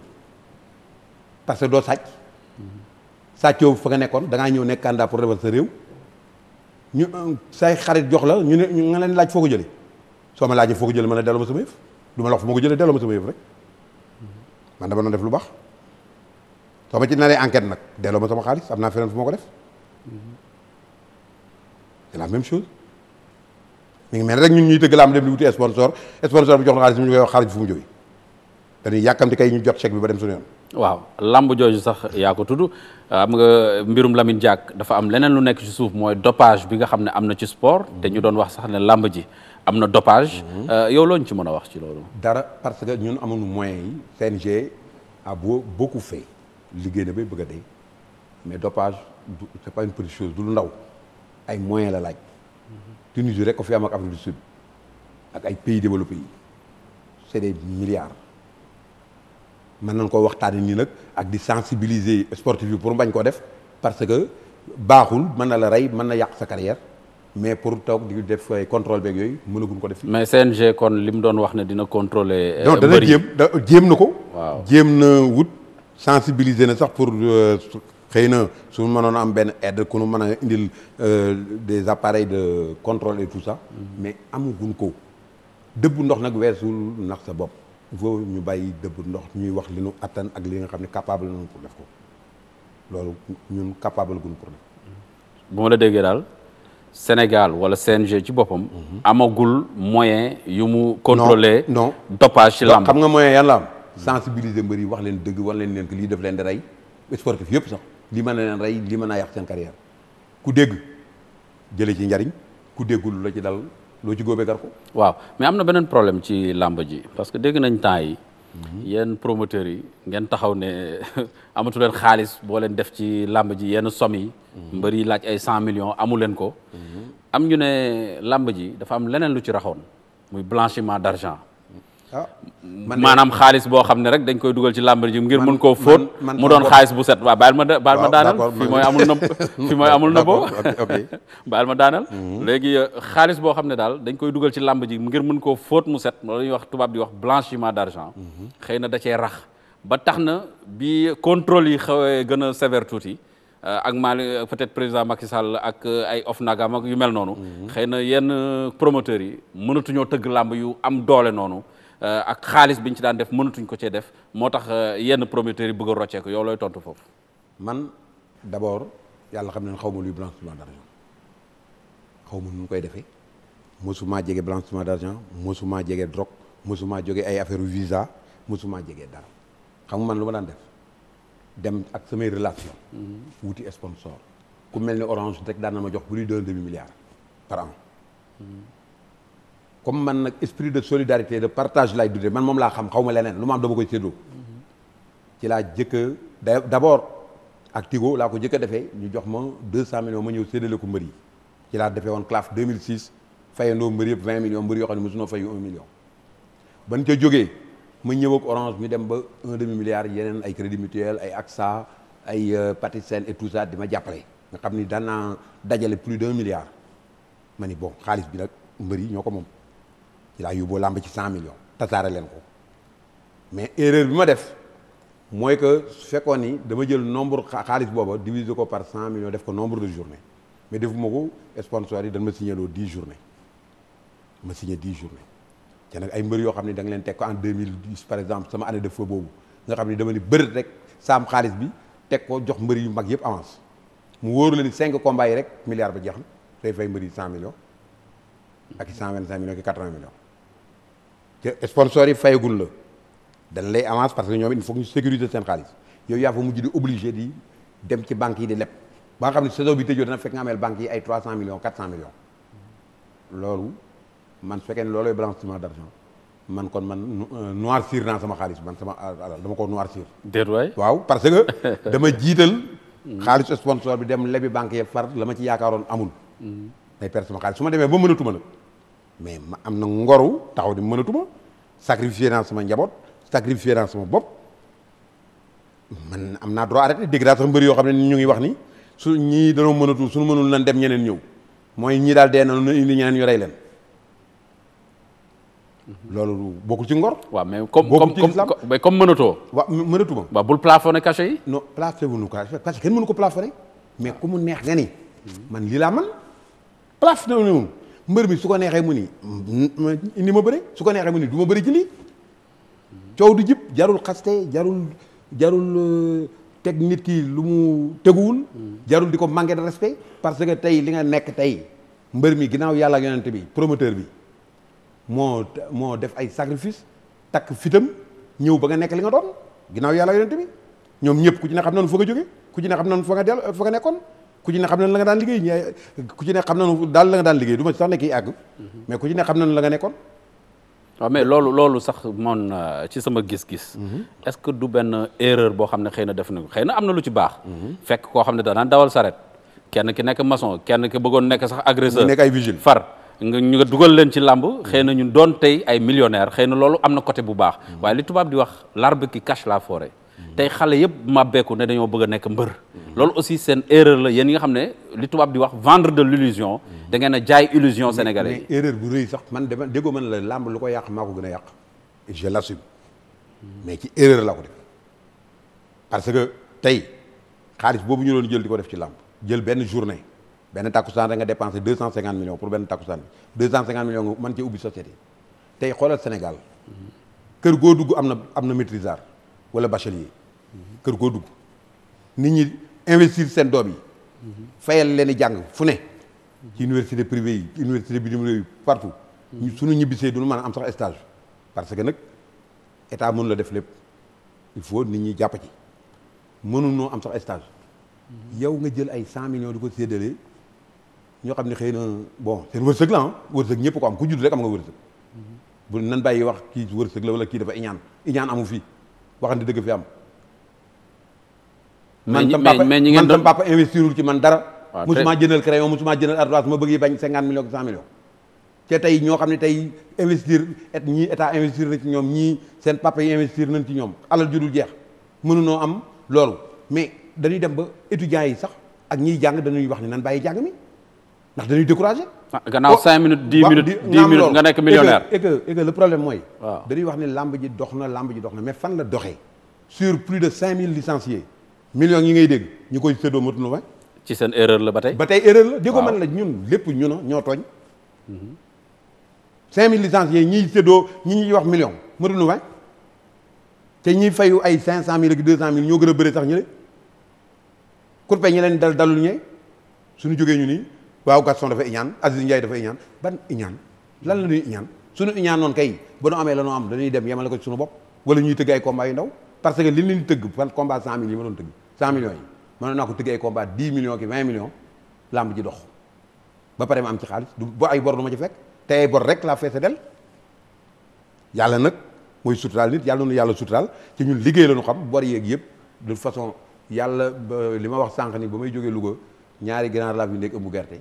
parce que doo sàcc sàccoo fa nga nekkoon da ngaa ñëw nekk candidat pour defal sa réew ñu euh, say xarit jox la ñu ne ñu leen laaj foo ko jëlee. soo ma laajee foo ko jëlee ma ne delloo ma sama yëf du ma la wax fu ma ko jëlee delloo ma sama rek man dama doon def lu baax soo ma ci naree enquête nag delloo ma sama xaalis am naa feneen fu ma ko def c'est la même chose mi ngi mel rek ñun ñuy tëgg la am dem di wuti sponsor sponsor bi jox la xaalis mu ñu koy wax xaalis ñu jot chèque bi ba dem suñu yoon. waaw lamb jooju sax yaa ko tudd am nga mbirum Lamine dafa am leneen lu nekk ci suuf mooy dopage bi nga xam ne am na ci sport te ñu doon wax sax ne lamb ji. am na doppage mhm. euh, yow looñ ci mën a wax ci loolu. dara parce que ñun amuñu moyens yi CNG a beau beaucoup fait liggéey na bay bëgg a dee mais dopage du c'est pas une petite du lu ndaw ay moyen la laaj. Tunisie rek ko fi am ak Afrique du Sud ak ay pays développés yi c'est des milliards. mën nañ koo waxtaanee nii nag ak di sensibiliser sportif yi pour bañ koo def parce que baaxul mën na la rey mën na yàq sa carrière mais pour toog di def ay contrôle beeg yooyu mënaguñ ko def. mais CNG kon li mu doon wax ne dina contrôler. non eh, dana jéem jéem na ko. waaw jéem na wut sensibiliser na sax pour euh, xëy na su mënoon am benn aide ku nu mën a indil euh, des appareils de contrôle et tout ça. Mm-hmm. mais amaguñ ko dëbb ndox nag weesul nax sa bopp. foo ñu bàyyi dëbb ndox ñuy wax li nu attan ak li nga xam ne capable nañu pour def ko loolu ñun capable guñ pour def. bu ma la déggee daal. Sénégal wala CNG ci boppam. amagul moyen yu mu. contrôler non dopage ci làmb. xam nga moyen yan la am. yi wax leen dëgg wala leen leen que lii daf leen di rey sportif yëpp sax lii mën na leen rey lii mën naa yàq seen carrière ku dégg jëlee ci njariñ ku déggul la ci dal loo ci góobee gar ko. waaw mais am na beneen problème ci làmb ji parce que dégg nañ temps yi. Mhm. yéen promoteurs yi ngeen taxaw ne amatu leen xaalis boo leen def ci làmb ji yenn somme yi. mbër yi laaj ay cent million amu leen ko. am ñu ne làmb ji dafa am leneen lu ci raxoon muy blanchiment d' argent. Ah, maanaam xaalis boo xam ne rek dañ koy dugal ci làmb ji ngir mun koo fóot mu doon xaalis bu set waaw baal ma baal ma daanal mooy amul na fi mooy amul na boo baal ma daanal léegi euh, xaalis boo xam ne daal dañ koy dugal ci làmb ji ngir mun koo fóot mu set loolu la ñuy wax tubaab di wax blanchiment d'argent mhm. xëy na da cee rax ba tax na bi contrôle yi xawee gën a sévère tuuti Euh, ak maal euh, peut-être président Macky Sall ak euh, ay OFNAC ak yu mel noonu. Mhm. xëy na yenn promoteurs yi mënatuñoo tëgg làmb yu am doole noonu. ak xaalis bi ñu ci daan def mënatuñ ko cee def moo tax yenn promoteurs yi bëgg a ko yow looy tontu foofu. man d'abord yàlla xam ne xaw ma luy blanchiment d'argent xaw ma nu koy defee mosuma jege blanchiment d'argent mosuma jege drogue maa jóge ay affaire visa maa jege dara xam nga man lu ma daan def. dem ak samay relation mm-hmm. wuti sponsor ku mel ni orange rek daan na ma jox plus d'un demi milliard par an mm-hmm. comme man nag esprit de solidarité de partage laay dundee man moom laa xam xaw ma leneen lu ma am dama koy séddoo mm-hmm. ci laa jëkka d'abord ak Tigo laa ko jëkka defee ñu jox ma deux cent millions ma ñëw séddale ko mbër yi ci laa defee woon CLAF 2006 fayandoo mbër yëpp vingt millions mbër yoo xam ne mosunoo fayu un million ban ca jógee ma ñëw ak orange ñu dem ba un demi milliard yeneen ay crédit mutuel ay AXA ay euh, Patisen et tout ça di ma jàppale nga xam ni daan dajale plus deux milliard ma ni bon xaalis bi nag mbër yi ñoo ko moom ci laa yóbboo làmb ci cent million tasaare leen ko mais erreur bi ma def mooy que su ni dama jël nombre xaalis booba diviser ko par cent millions def ko nombre de journées mais defuma ko sponsor yi dañ ma signé loo dix journées ma signé dix journées te ay mbër yoo xam ne da leen teg ko en 2010 par exemple sama année de feu boobu nga xam ne dama ni rek saam xaalis bi teg ko jox mbër yu mag yëpp avance mu wóoru la ni cinq combats yi rek milliard ba jeex na day fay mbër yi cent millions ak cent vingt cinq millions ak quatre vingt millions te sponsors yi fayagul la dañ lay avance parce que ñoom il faut ñu sécuriser seen xaalis yow yaa fa mujj di obligé di dem ci banques yi di leb ba nga xam ne saison bi tëjoo dana fekk nga ameel banques yi ay trois cent millions quatre loolu man su fekkee ne loolooy blanchiment d'argent man kon man euh, noircir naa sama xaalis man sama euh, alal dama ko noircir. déet waay waaw parce que dama jiital. xaalis sponsor bi dem lebi banque yëpp far la ma ci yaakaaroon amul. Mm-hmm. day perte sama xaalis su ma demee ba mënatuma nag mais ma am na ngoru taxaw di mënatuma sacrifier naa sama njaboot sacrifier naa sama bopp man am naa droit arrêté dégg naa sax mbër yoo xam ne ñu ngi wax ni su ñii danoo mënatul suñu mënul nan dem ñeneen ñëw mooy ñii daal dee na li ñeneen ñu leen. loolu bokkul ci ngor. waaw mais comme comme comme comme mënatoo. waaw mënatu ma. waaw bul plafonné cachet yi. non plafonné wuñu ko parce que kenn mënu ko plafonné mais ku mu neex nga ni. man lii laa man plafonné wuñu woon mbër mi su ko neexee mu ni indi ma bëri su ko neexee mu ni du ma bëri ci lii coow du jib jarul xaste jarul jarul euh, teg nit ki lu mu teguwul. jarul di ko manqué de respect parce que tey li nga nekk tey mbër mi ginnaaw yàlla ak yonent bi promoteur bi. moo moo def ay sacrifice takk fitam ñëw ba nga nekk li nga doon ginnaaw yàlla yonent bi ñoom ñëpp ku ci ne xam nañu fa nga jóge ku ci ne xam nañu fa nga del fa nekkoon ku ci ne xam nañu la nga daan liggéey ne xam nañu daal la daan liggéey du ma sax nekk yi àgg mhm. mais ku ci ne xam nañu la nga nekkoon waaw mais loolu loolu sax moon euh, ci sama gis-gis mhm. est-ce que du benn erreur boo xam ne xëy na def na ko xëy na am na lu ci baax mhm. fekk koo xam ne da daan dawal saret kenn ki nekk maçon kenn ki bëggoon nekk sax agresseur nekk ay vigile far nga ñu nga dugal leen ci làmb xëy na ñun doon tey ay millionnaire xëy na loolu am na côté bu baax mm. waaye li tubaab di wax l'arbre ki cache la forêt mm. tey xale yëpp màbbeeku ne dañoo bëgg nekk mbër mm. loolu aussi seen erreur la yéen yi nga xam ne li tubaab di wax vendre de l'illusion dangeen ngeen a jaay illusion sénégalais yi bu rëy sax man dama déggoo man la làmb lu ko yàq maa ko gën a yàq je l'assume mais ci erreur la ko def parce que tey xaalis boobu ñu doon jël di ko def ci làmb jël benn journée benn takkusaan rek nga dépensé deux cent cinquante millions pour benn takkusaan bi deux cent cinquante millions nga mën cee ubbi société tey xoolal Sénégal kër goo dugg am na am na maîtrisard wala bachelier kër goo dugg nit ñi investir seen doom yi fayal leen i jàng fu ne ci université privée yi université bitim réew yi partout sunu ñibbisee duñu mën a am sax stage parce que nag état mënu la def lépp il faut nit ñi jàpp ci mënul mënunoo am sax stage yow nga jël ay cent millions di ko séddale ñoo xam ne xëy na bon seen wërsëg la wërsëg ñëpp ko am ku judd rek am nga wërsëg bu nan yi wax kii wërsëg la wala kii dafa iñaan iñaan amu fi waxante dëgg fi am man tam papa investirul ci man dara ah, musuma jëndal crayon musuma jëndal ardoise ma bëgg bañ cinquante millions cent te tey ñoo xam ne tey investir et ñii état investir na ci ñoom ñii seen papa yi investir nañ ci ñoom alal ju dul jeex mënunoo am loolu mais dañuy dem ba étudiants yi sax ak ñiy jàng dañuy wax ni nan bàyyi jàng mi ndax dañuy découragé. ah gannaaw 5 minutes 10 nekk millionnaire. et que et problème mooy. waaw wax ne lamb ji dox na lamb ji dox na mais fan la doxee. sur plus de cinq 5000 licenciés millions yi ngay dégg ñu koy séddoo matuñu waay. ci seen erreur la ba tey. ba tey erreur la déggoo man la ñun lépp ñu na ñoo tooñ. 5000 mhm. licenciés ñiy séddoo ñi ñuy wax million matuñu waay te ñiy fayu ay cent 500000 ak mille ñoo gën a bëri sax ñu ne. kurpe ñi leen dal dalul ñee suñu jógee ñu nii. waaw Gaston dafa iñaan Aziz Ndiaye dafa iñaan ban iñaan lan la ñuy iñaan suñu iñaan noonu kay ba nu amee la nu am dañuy dem yemale ko ci suñu bopp wala ñuy tëgg ay combat yu ndaw parce que li leen di tëgg fan combat cent mille yi ma doon tëgg cent millions yi mënoon naa ko tëgg ay combat dix millions ki vingt millions làmb ji dox ba pare ma am ci xaalis du ba ay bor du ma ci fekk te ay bor rek laa feese del yàlla nag mooy suturaal nit yàlla nu yàlla suturaal ci ñun liggéey la ñu xam bor yeeg yëpp de façon yàlla li ma wax sànq ni ba may jógee Louga ñaari ganaar laa fi nekk ëmb gerte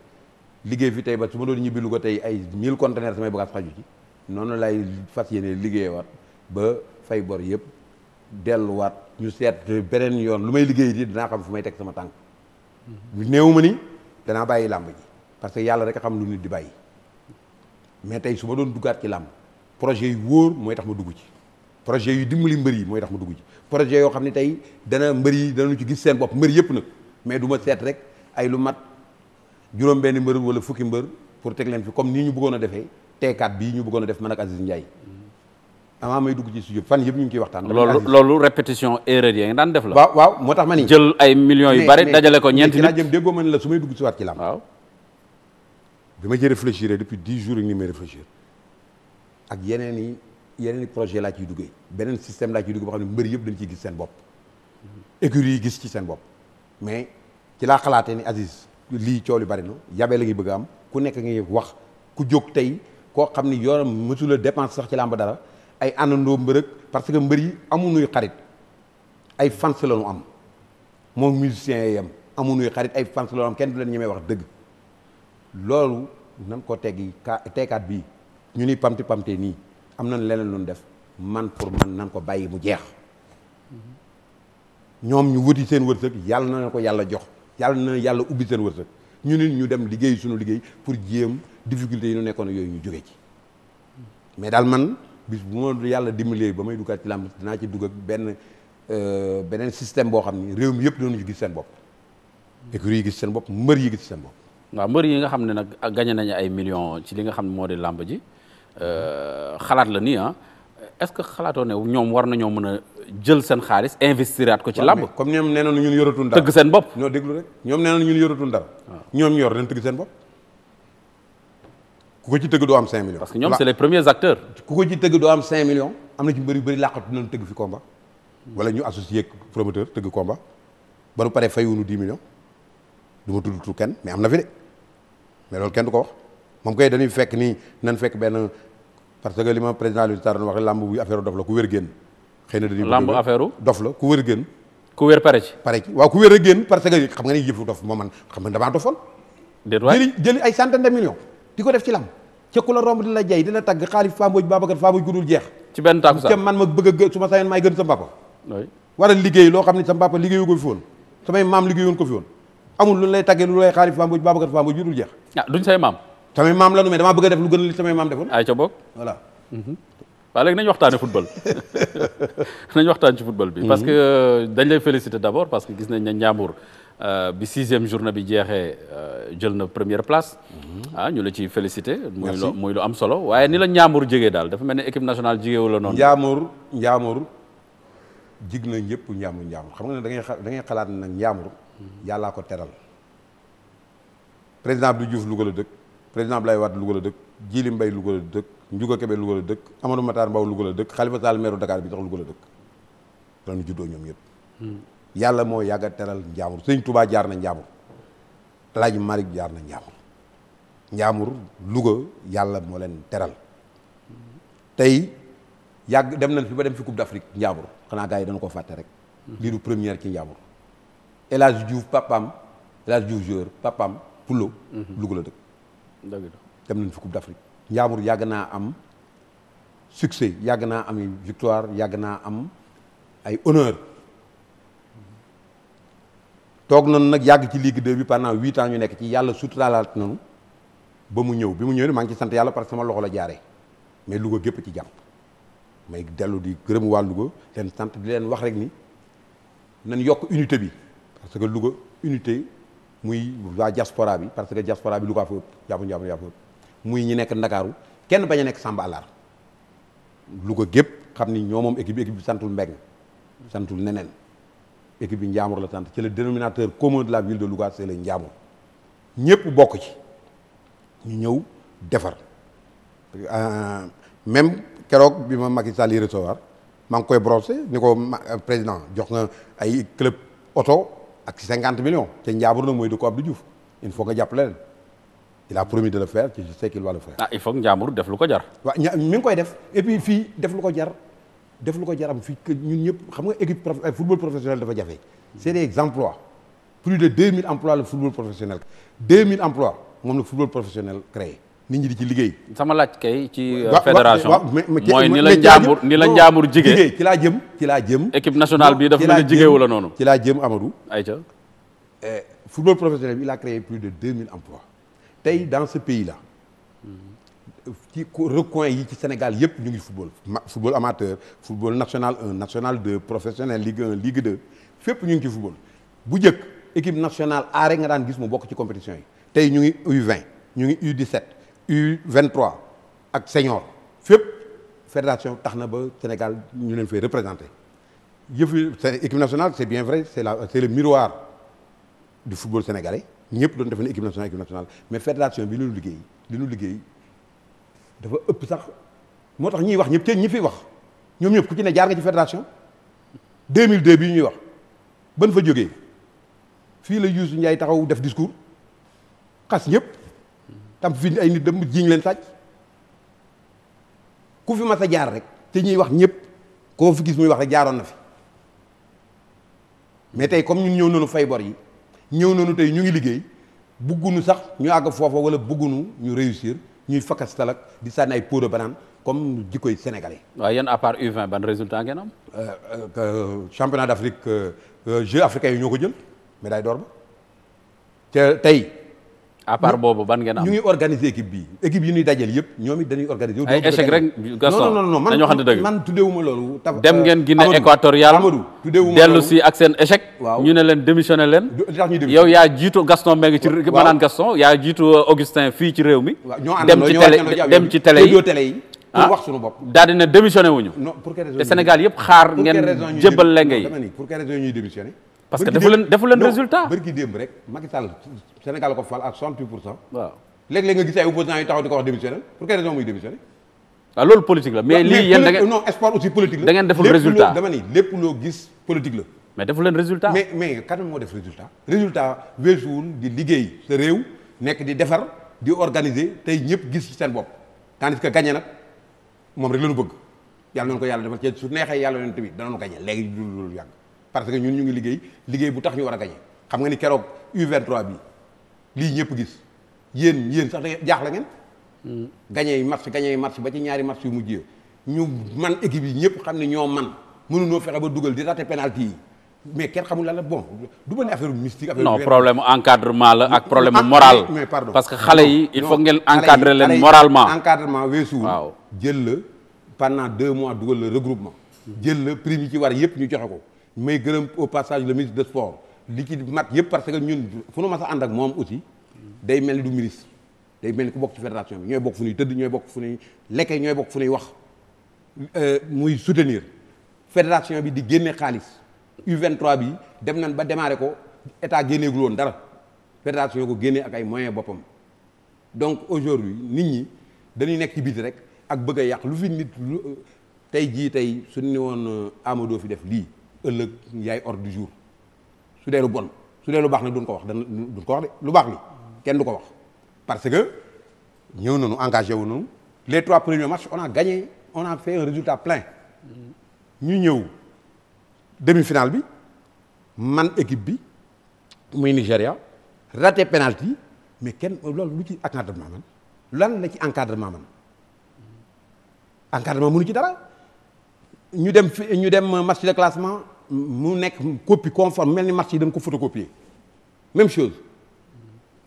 liggéey fi tey ba su ma doon ñibbi lu ko tey ay 1000 conteneurs samay bagaas xaju ci noonu laay fas yeneen yéene liggéeyaat ba fay bor yëpp delluwaat ñu seet beneen yoon lu may liggéey di dinaa xam fu may teg sama tànk néew ma ni danaa bàyyi làmb ji parce que yàlla rek a xam lu nit di bàyyi mais tey su ma doon duggaat ci làmb projet yu wóor mooy tax ma dugg ci projet yu dimbali mbër yi mooy tax ma dugg ci projet yoo xam ne tey dana mbër yi danañu ci gis bopp mbër yëpp nag mais du ma seet rek ay lu mat juróom benni mbër wala fukki mbër pour teg leen fi comme nii ñu bëggoon a defee teekaat bii ñu bëggoon def man ak Aziz Ndiaye avant may dugg ci studio fan yëpp ñu ngi ciy waxtaan loolu loolu répétition erreur yi nga daan def la waaw moo tax ma ni jël ay millions yu bari dajale ko ñeenti nit jëm déggoo ma ne la su may dugg ci waat ci lam waaw bi ma ci réfléchir depuis dix jours yi ni may réfléchir ak yeneen i yeneen i projet laa ciy duggee beneen système laa ciy duggee boo xam ne mbër yëpp dañ ciy gis seen bopp mm-hmm. yi gis ci seen bopp mais ci laa xalaatee ni Aziz lii coow li bari na yabee la ngi bëgg am ku nekk ngi wax ku jóg tey koo xam ni yoram mësula dépense sax ci làmb dara ay àndandoo mbërëg parce que mbër yi amunuy xarit ay fans la ñu am moom musiciens yi am amunuy xarit ay fans la ñu am kenn du leen ñemee wax dëgg loolu nan ko teggi ka teekaat bii ñu ni pamti pamte nii am nañ leneen lu def man pour man nan ko bàyyi mu jeex mm-hmm. ñoom ñu wuti seen wërsëg yàlla na ko yàlla jox yàlla na yàlla ubbi seen wërsëg ñu nit ñu dem liggéey suñu liggéey pour jéem difficulté yi ñu nekkoon yooyu ñu jóge ci mais daal man bis bu ma yàlla dimbalee ba may duggaat ci làmb dinaa ci dugg ak benn euh, beneen système boo xam ni réew mi yëpp doon ñu gis seen bopp écurie yi gis seen bopp mbër yi gis seen bopp waaw mbër yi nga xam ne nag gagné nañu ay millions ci li nga xam ne moo di làmb ji euh, xalaat la nii a ah. est-ce que xalaatoo ne ñoom war nañoo mën a jël seen xaalis investiraat ko ci làmb comme ñoom nee nañu ñun yoratuñ dara tëgg seen bopp ñoo déglu rek ñoom nee nañu ñun yoratuñ dara ñoom yor nañ tëgg bopp ku ko ci tëgg doo am 5 millions que ñoom c'est les premiers ko ci tëgg doo am 5 millions am na ci mbëri bëri làqatu nañu tëgg fi combat wala ñu associé promoteur tëgg combat ba nu paree fayuñu 10 millions du ma tudd kenn mais am na fi de mais loolu kenn du ko wax moom kay dañuy fekk nii nañ fekk benn parce que li ma président Alioune Sarr waxee làmb bu affaire dof la ku wér dof la ku wér génn. ku wér pare ci. waaw ku wér a génn parce que xam nga ni yëfu dof moo man xam nga damaa dofoon. déet jëli jëli ay centaine de millions ko def ci làmb ca la romb di jay di la tagg xaalis Fambooj Babacar Fambooj gudul jeex. man ma bëgg su ma sañoon maay gën sa war a liggéey loo xam ne sa papa liggéeyu ko fi woon samay maam liggéeyoon ko fi woon amul lu lay taggee lu lay xaalis Fambooj tamit maam la nu mais damaa bëgg a def lu gën li tamit maam defoon. ay ca bokk voilà. Mhm. waaw léegi nañu waxtaanee football nañu waxtaan ci football bi. Mhm. parce que euh, dañ lay féliciter d'abord parce que gis nañ ne Ndiambour euh, bi sixième journée bi jeexee euh, jël na première place. Mhm. ah ñu la ciy féliciter. muy lu am solo waaye ni la Ndiambour jege daal dafa mel ne équipe nationale jegewu la noonu. Ndiambour Ndiambour jig na ñëpp Ndiambour Ndiambour xam nga ne da ngay da xalaat na Ndiambour yàllaa ko teral président Abdou Diouf Louga la dëkk. président Abdoulaye Wade Louga la dëkk Djily Mbaye Louga la dëkk Ndiouga Kébé Louga la dëkk Amadou Matar Mbow Louga la dëkk Khalifa Sall maire Dakar bi tax Louga la dëkk dañu ñoom yëpp hmm. yàlla moo yàgg teral njaamur sëñ tubaa jaar na njaamur Alaaji Malick jaar na njaamur njaamur Louga yàlla moo leen teral tey yàgg dem na fi ba dem fi Coupe d'Afrique njaamur xanaa gars yi dañu ko fàtte rek hmm. lii du première ci njaamur El Hadj Diouf papam El Hadj Diouf papam Pulo hmm. Louga la dëkk dëgg la dem nañ fi Coupe d'Afrique Ndiambour yàgg naa am succès yàgg naa am victoire yàgg naa am ay honneur toog nan nag yàgg ci Ligue 2 bi pendant huit ans ñu nekk ci yàlla suut suturaalaat nañu ba mu ñëw bi mu ñëw ne maa ngi ci sant yàlla parce que sama loxo la jaaree mais Louga gépp ci jàpp may dellu di gërëm waa Louga leen sant di leen wax rek ni nañ yokk unité bi parce que lugo unité muy waa diaspora bi parce que diaspora bi lu kaa fa ëpp jàppu jàppu jàppu ëpp muy ñi nekk ndakaaru kenn bañ a nekk Samba Allaar Louga gépp xam ni ñoo moom équipe bi équipe bi santul Mbeng santul neneen équipe bi Ndiamour la sant ci le dénominateur commun de la ville de Louga c'est le Ndiamour ñëpp bokk ci ñu ñëw defar euh, même keroog bi ma Macky Sall yi recevoir maa ngi koy brosser ni ko euh, président jox nga ay club oto ak cinquante million te njaabur na mooy du ko Abdou Diouf il faut que jàppale leen il a promis de le faire je sais qu'il va le ah il faut que def lu ko jar. waaw ña koy def et puis fii def lu ko jar def lu ko jaram fii que ñun ñëpp xam nga équipe euh, football professionnel dafa jafe. c'est des emplois plus de deux mille emplois le football professionnel. deux mille emplois moom la football professionnel créé. nit ñi di ci liggéey. sama laaj kay ci euh, fédération. mooy ni la njaambur ni la njaambur jigéen ci laa jëm ci laa jëm. équipe nationale bi dafa mel ni jigéewu la noonu. ci laa jëm Amadou. ayca. Eh, football professionnel bi il a créé plus de 2000 emplois tey dans ce pays là. ci yi ci Sénégal yëpp ñu ngi football. football amateur football national national 2 professionnel ligue 1 ligue ñu ngi ci football bu njëkk équipe national aare nga daan gis mu bokk ci compétition yi tey ñu ngi u ñu ngi u u ak senior fépp fédération tax na ba Sénégal ñu leen fay représenté yëfu équipe nationale c'est bien vrai c'est la c'est le miroir du football sénégalais ñëpp doon def ne équipe nationale équipe nationale mais fédération bi li ñu liggéey li ñu liggéey dafa ëpp sax moo tax ñuy wax ñëpp te ñi fi wax ñoom ñëpp ku ci ne jaar nga ci fédération 2002 bii ñuy wax ban fa jógee fii la Youssou Ndiaye taxaw def discours xas ñëpp. tam fi ay nit dem jiñ leen sàcc ku fi mas a jaar rek te ñuy wax ñëpp koo fi gis muy wax rek jaaroon na fi mais tey comme ñun ñëw nañu fay bor yi ñëw nañu tey ñu ngi liggéey buggunu sax ñu àgg foofa wala buggunu ñu réussir ñuy fakastal ak di sànni ay pot de banane comme jikkoy sénégalais. waaw yéen à part U20 ban résultat ngeen am. Euh, euh, championnat d' Afrique euh, Jeux africains yi ñoo ko jël médaille d'or ba te tey. à part boobu ban ngeen am ñu ngi organiser équipe bi équipe yi ñuy dajal yëpp ñoom dañuy organiser. ay échec rek ne dëgg man tuddeewuma loolu. dem ngeen euh, Guinée équatoriale Amadou tuddeewuma loolu échec. ñu ne leen démissionné leen. tax ñu jiitu Gaston Mbengue ci ma Gaston yaa jiitu euh, Augustin fii ci réew mi. ñoo àndandoo ñoo àndandoo dem ci télé dem ci télé yi. pour ah. wax suñu bopp te Sénégal yëpp xaar ngeen jébbal lenge parce que defu leen defu leen résultat bërki démb rek Macky Sall Sénégal ko fal ak 68 pour cent waaw léeg nga gis ay opposants yu taxaw di ko wax démissionné pour quelle raison muy démissionné waaw ah, loolu politique la mais lii yéen da ngeen non sport aussi politique la da ngeen deful résultat dama ni lépp loo gis politique la mais defu résultat mais mais kan moo def résultat résultat weesuwul di liggéey sa réew nekk di defar di organiser tey ñëpp gis seen bopp tandis que gagné nag moom rek la ñu bëgg yàlla noonu ko yàlla yàlla noonu tamit danañu parce que ñun ñu ngi liggéey liggéey bu tax ñu war a gañe xam nga ni keroog U23 bi lii ñëpp gis yéen yéen sax da jaaxle ngeen. Hmm. gañe match gañe match ba ci ñaari match yu mujjee ñu man équipe yi ñëpp xam ne ñoo man mënuñoo fexe ba dugal di raté penalty yi. mais kenn xamul lan la bon du ma ne affaire mystique. affaire non problème encadrement la ak ah, problème ah, moral. mais pardon parce que xale yi il faut ngeen encadrer leen moralement. encadrement weesuwul. waaw jël la pendant deux mois dugal la regroupement. Hmm. jël la prime yi ci war yëpp ñu joxe ko. may gërëm au passage le ministre de sport li ci mat yëpp parce que ñun fu nu mas a ànd ak moom aussi day mel ni du ministre day mel ni ku bokk ci fédération bi ñooy bokk fu ñuy tëdd ñooy bokk fu ñuy lekke ñooy bokk fu ñuy wax euh, muy soutenir fédération bi di génne xaalis U23 bi dem nañ ba démarré ko état génneegul woon dara fédération ko génnee ak ay moyen boppam donc aujourd'hui nit ñi dañuy nekk ci biti rek ak bëgg a yàq lu fi nit tey jii tey suñu ne woon euh, Amadou fi def lii ëllëg yaay ordre du jour su dee lu bon su dee lu baax nag duñ ko wax dana duñ ko de lu baax li kenn du ko wax parce que ñëw nañu engagé wu nañu les trois premiers matchs on a gagné on a fait un résultat plein ñu ñëw demi-finale bi man équipe bi muy Nigéria raté penalty mais kenn loolu lu ci encadrement man lan la ci encadrement man encadrement mënu ci dara ñu ñu dem match de classement mu nekk copie conforme mel ni match yi dañ ko photocopier même chose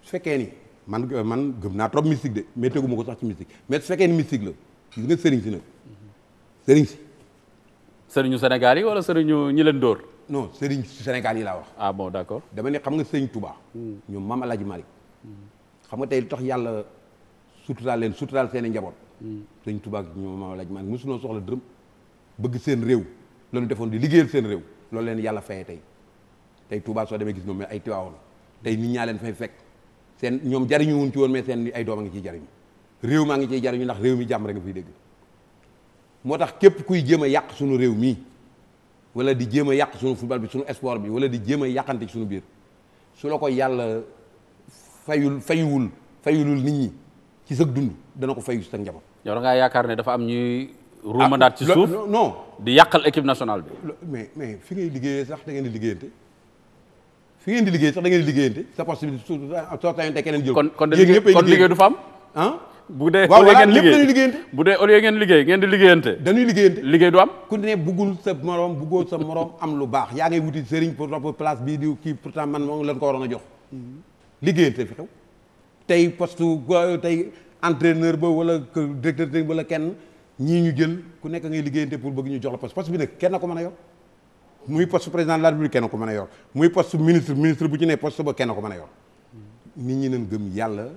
su fekkee ni man man gëm naa trop mystique de mais teguma ko sax ci mystique mais su fekkee ni mystique la gis nga sëriñ si nag sëriñ sëriñu Sénégal yi wala sëriñu ñi leen dóor. non sëriñ Sénégal yi laa wax. ah bon d' accord. dama ne xam nga sëriñ Touba. Hmm. ñoom maam El Hadj Malick hmm. xam nga tey lu tax yàlla suturaal leen suturaal seen njaboot. Hmm. sëriñ Touba ak ñoom maam El Hadj Malick mosu noo soxla dërëm bëgg seen réew. loolu defoon di liggéeyal seen réew. loolu leen yàlla faye tey tey Touba soo demee gis ñoom ay Tiwaawoon tey nit ñaa leen fay fekk seen ñoom jariñu wuñ ci woon mais seen ay doom a ngi ciy jariñu réew maa ngi ciy jariñu ndax réew mi jàmm rek nga fiy dégg moo tax képp kuy jéem a yàq suñu réew mii wala di jéem a yàq suñu football bi suñu sport bi wala di jéem a yàqante ci suñu biir su la ko yàlla fayul fayuwul fayulul nit ñi ci sag dund dana ko fayu ci sa njaboot. yow da ngaa yaakaar ne dafa ruumandaat ah, ci suuf non di yàqal équipe nationale bi. mais mais fi ngay liggéeyee sax da di liggéeyante fi ngeen di sax da ngeen di liggéeyante kon liggéey du fa am dee au lieu ngeen liggéey bu dee au lieu ngeen liggéeyante. liggéeyante a liggéeyante tey poste tey entraîneur ba wala directeur technique wala kenn ñii ñu jël ku nekk ngay liggéeyante pour bëgg ñu jox la poste poste bi nag kenn ko mën a yor muy poste président de la kenn ko mën a yor muy poste ministre ministre bu ci ne poste ba kenn ko mën a yor nit ñi nañ gëm yàlla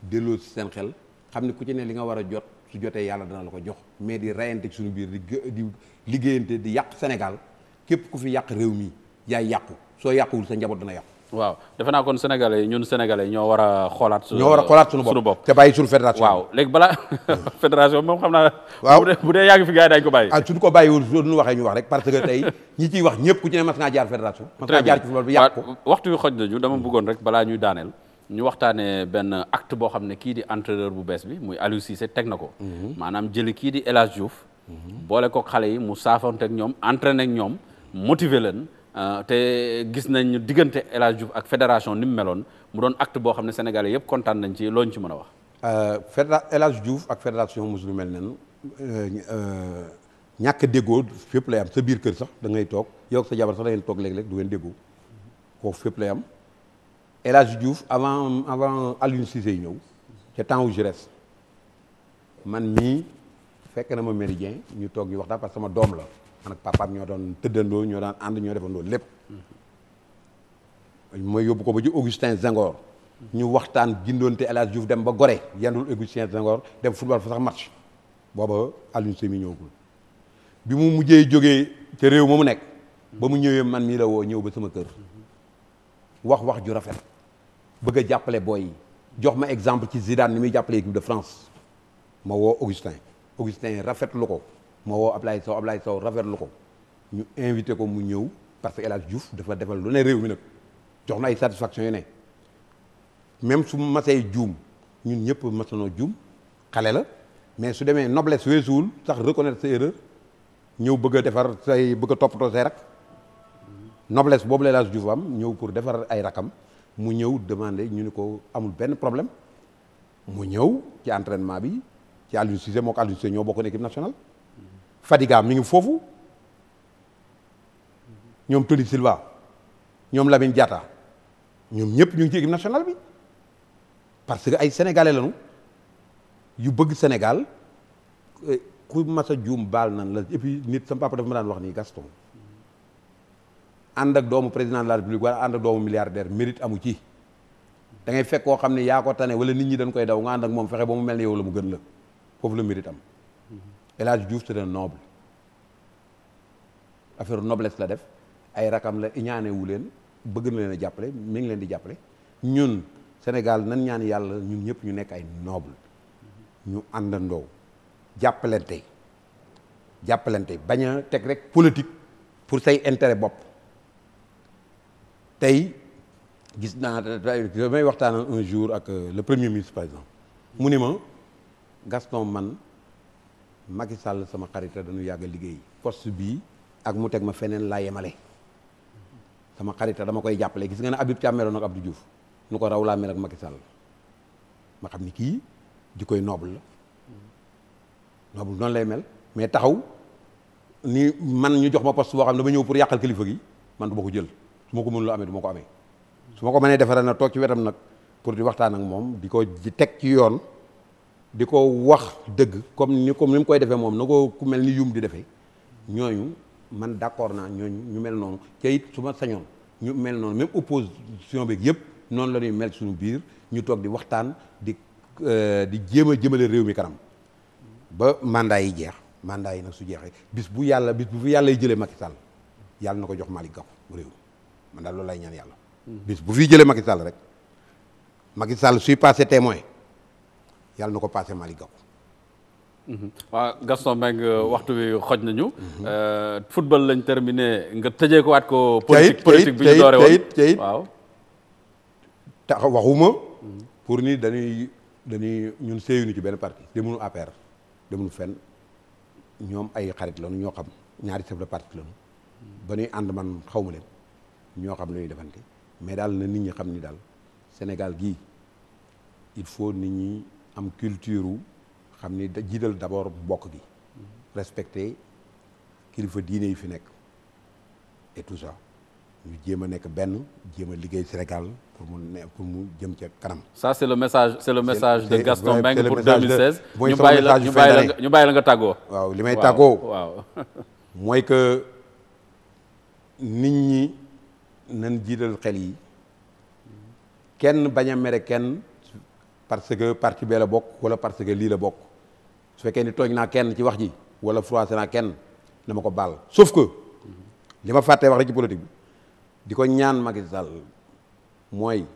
delloo ci seen xel xam ne ku ci ne li nga war a jot su jotee yàlla dana la ko jox mais di reyante ci suñu biir di liggéeyante di yàq Sénégal képp ku fi yàq réew mi yaay yàqu soo yàquwul sa njaboot dana yàqu waaw defe naa kon sénégalais ñun sénégalais ñoo war a xoolaat. ñoo war a xoolaat suñu bopp te bàyyi suñu fédération. waaw léegi balaa fédération moom xam naa. waaw bu dee yaa ngi fi gars yi daañu ko bàyyi. ah suñu ko bàyyiwul suñu waxee ñu wax rek parce que tey ñi ciy wax ñëpp ku ci mas naa jaar fédération. mas naa jaar ci football waxtu wi xoj ñu dama bëggoon rek balaa ñuy daaneel. ñu waxtaanee benn acte boo xam ne kii di entraîneur bu bees bi muy Aliou Cissé teg na ko. Mhm. maanaam jëli kii di El Hadj mhm. boole ko xale yi mu saafoonte ak ñoom entraîné ak ñoom motiver leen Euh, te gis nañu diggante El ak fédération ni mu meloon mu doon acte boo xam ne sénégalais yëpp kontaan nañ ci looñ ci mën a wax. Euh, fédéra El Hadj ak fédération musul mel nen euh, ñàkk déggoo fépp lay am sa biir kër sax da ngay toog yow ak sa jabar sax da ngeen toog léeg-léeg du ngeen déggoo foofu fépp lay am El Hadj avant avant Alioune ñëw ca temps où je man mii fekk na ma méridien ñu toog ñu waxtaan parce que sama doom la. man ak papaam ñoo doon tëddandoo ñoo daan ànd ñoo defandoo lépp mooy yóbbu ko ba ci Augustin Senghor ñu waxtaan gindoonte El Hadj Diouf dem ba Gorée yendul Augustin Senghor dem football fa sax match booba Alioune Sèye mi ñëwagul bi mu mujjee jóge ca réew ma mu nekk ba mu ñëwee man mii la woo ñëw ba sama kër wax wax ju rafet bëgg jàppale booy jox ma exemple ci Zidane ni muy jàppale équipe de France ma woo Augustin Augustin rafetlu ko moo woo Ablaye Sow Ablaye Sow rafetlu ko ñu invité ko mu ñëw parce que El Hadj Diouf dafa defal lu ne réew mi nag jox na ay satisfaction yu ne même su masee juum ñun ñëpp masanoo juum xale la mais su demee noblesse weesuwul sax reconnaître sa erreur ñëw bëgg a defar say bëgg a toppatoo say rak noblesse boobu la El Hadj am ñëw pour defar ay rakam mu ñëw demander ñu ni ko amul benn problème mu ñëw ci entraînement bi ci Aliou Cissé moo ko Aliou Cissé ñoo bokkoon équipe nationale Fadiga mi ngi foofu ñoom Tony Silva ñoom Lamine Diatta ñoom ñëpp ñu ngi ci équipe nationale bi parce que ay sénégalais lañu yu bëgg Sénégal eh, ku mas juum baal nan la et nit sama papa dafa ma daan wax nii Gaston ànd ak doomu président de la république wala ànd ak doomu milliardaire mérite amu ci da fekk koo xam ne yaa ko tane wala nit ñi dañ koy daw nga ànd ak moom fexe ba mu mel ne yow la mu gën la foofu la mérite am. El Hadj Diouf c'est noble affaire noblesse la def ay rakam la i ñaanewu leen bëgg na leen a jàppale mi ngi leen di jàppale ñun Sénégal nan ñaan yàlla ñun ñëpp ñu nekk ay noble ñu àndandoo jàppalante jàppalante bañ a teg rek politique pour say intérêt bopp tey gis naa damay waxtaan un jour ak euh, le premier ministre par exemple mu ni ma Gaston man Macky Sall sama xarit la dañu yàgg a liggéey poste bii ak mu teg ma feneen laa yemale sama xarit la dama koy jàppale gis nga ne Habib Thiam meloon ak Abdou Diouf nu ko raw laa mel ak Macky Sall ma xam ni kii di koy noble la noble noonu lay mel mais taxaw ni man ñu jox ma post boo xam ne dama ñëw pour yàqal kilifa gi man du ma ko jël su ma ko mënul amee du ma ko amee su ma ko mënee defaree na toog ci wetam nag pour di waxtaan ak moom di ko di teg ci yoon di ko wax dëgg comme ni comme ni mu koy defee moom na ko ku mel ni yum di defee ñooñu man d'accord naa ñooñu ñu mel noonu te it su ma sañoon ñu mel noonu même opposition beeg yëpp noonu la ñuy mel suñu biir ñu toog di waxtaan di euh, di jéem a jëmale réew mi kanam ba mandat yi jeex màndaa yi nag su jeexee bis bu yàlla bis bu fi yàlla jëlee Macky Sall yàlla na ko jox Malick Gakou réew mi loolu lay ñaan yàlla. Mm-hmm. bis bu fii jëlee Macky Sall rek Macky Sall suy passé témoin yàlla na ko passé Malick Gakou mhm. waaw Gaston Mbengue euh, waxtu wi xoj nañu. Mhm. Euh, football lañ terminé nga tëjee ko waat ko. politique politique bi ñu doore woon waxuma. Mhm. pour nii dañuy dañuy ñun séyuñu ci benn parti demuñu APR demuñu fenn ñoom ay xarit lañu ñoo xam ñaari chef de parti lañu. ba ñuy ànd man xaw leen ñoo xam ne ñuy defante mais daal na nit ñi xam ni daal Sénégal gii il faut nit ñi. am culture wu xam ni da jiital d'abord mbokk gi respecter kilifa diine yi fi nekk et tout ça ñu jéem a nekk benn jéem a liggéey Sénégal pour mu ne pour mu jëm ca kanam. ça message c'est message de Gaston Mbengue pour 2016. ñu bàyyi la ñu bàyyi la nga tàggoo. waaw li may tàggoo. waaw mooy que nit ñi nañ jiital xel yi kenn bañ mere kenn. parce que parti bee la bokk wala parce que lii la bokk su fekkee ni tooñ naa kenn ci wax ji wala froissé naa kenn na ko baal sauf que li ma fàtte wax rek ci politique bi di ko ñaan Macky Sall mooy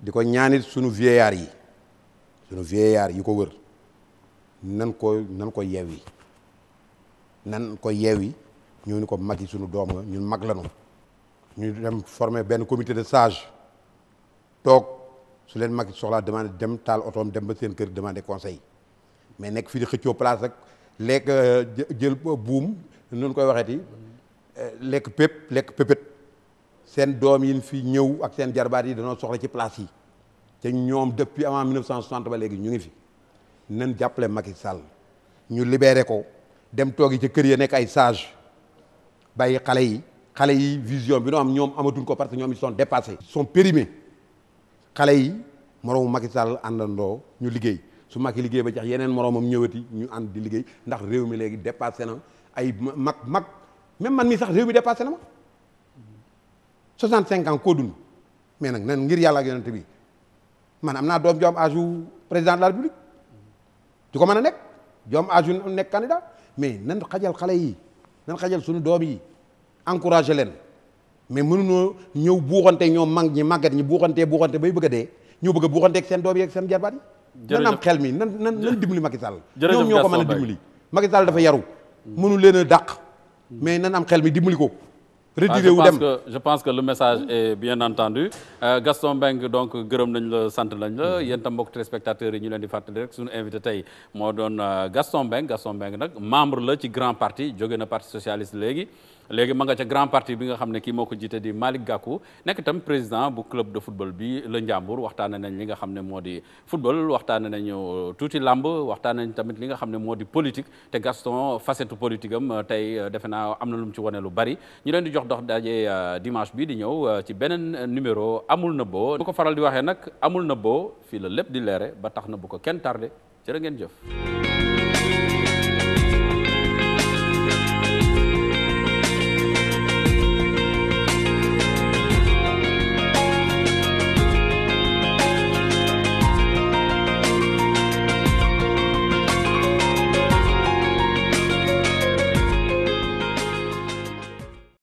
di ko ñaanit sunu vieillard yi sunu vieillard yi ko wër nan ko nan ko yeewi nan ko yeewi ñoo ni ko mag yi sunu doom nga ñun mag lanu ñu dem former benn comité de sage toog su leen mag soxla demande dem taal otoom dem ba seen kër demandé conseil mais nekk fii di xëccoo place rek lekk euh, jël buum nun koy waxee waxeeti euh, lekk pépp lekk pépét seen doom yi fi ñëw ak seen jarbaat yi danoo soxla ci place yi te ñoom depuis avant 1960 ba léegi ñu ngi fi nañ jàppale Macky Sall ñu libeere ko dem toogi ci kër ya nekk ay sage bàyyi xale yi xale yi vision bi no am ñoom amatuñ ko parce que ñoom ils sont dépassés. sont périmés. xale yi moroomu Macky Sall àndandoo ñu liggéey su Macky liggéey ba jax yeneen moroomam ñëwati ñu ànd di liggéey ndax réew mi léegi dépassé na ay mag mag même man mii sax réew mi dépassé na ma 65 ans koo dund mais nag nan ngir yàlla ak yonent bi man am naa doom joom âge wu président de la république du ko mën a nekk joom âge wu nekk candidat mais nan xajal xale yi nan xajal suñu doom yi encouragé leen mais mënuñoo ñëw buuxante ñoom mag ñi màggat ñi buuxantee buuxante bay bëgg dee ñoo bëgg a buuxanteeg seen doom yeeg seen jarbaat yi nan am xel mi nan nan nan dimbali Macky Sall ñoom ñoo ko mën a dimbali dafa yaru mënu leen a dàq mais nan am xel mi dimbali ko ah, retiré wu dem je pense que le message est bien entendu euh, Gaston Mbengue donc gërëm nañ la sant nañ la mm-hmm. yéen tam mbokk téléspectateurs yi ñu leen di fàttali rek suñu invité tey moo doon euh, Gaston Mbengue Gaston nag membre la ci grand jóge na parti socialiste léegi léegi ma nga ca grand partie bi nga xam ne kii moo ko jiite di Malick Gakou nekk itam président bu club de football bi la Njàmbur waxtaane nañ li nga xam ne moo di football waxtaane nañu tuuti làmb waxtaane nañ tamit li nga xam ne moo di politique te Gaston facette politique am tey defe naa am na lu mu ci wane lu bari ñu leen di jox dox daje euh, dimanche bi di ñëw euh, ci beneen numéro amul na boo bu ko faral di waxee nag amul na boo fii la lépp di leere ba tax na bu ko kenn tardé jërë ngeen jëf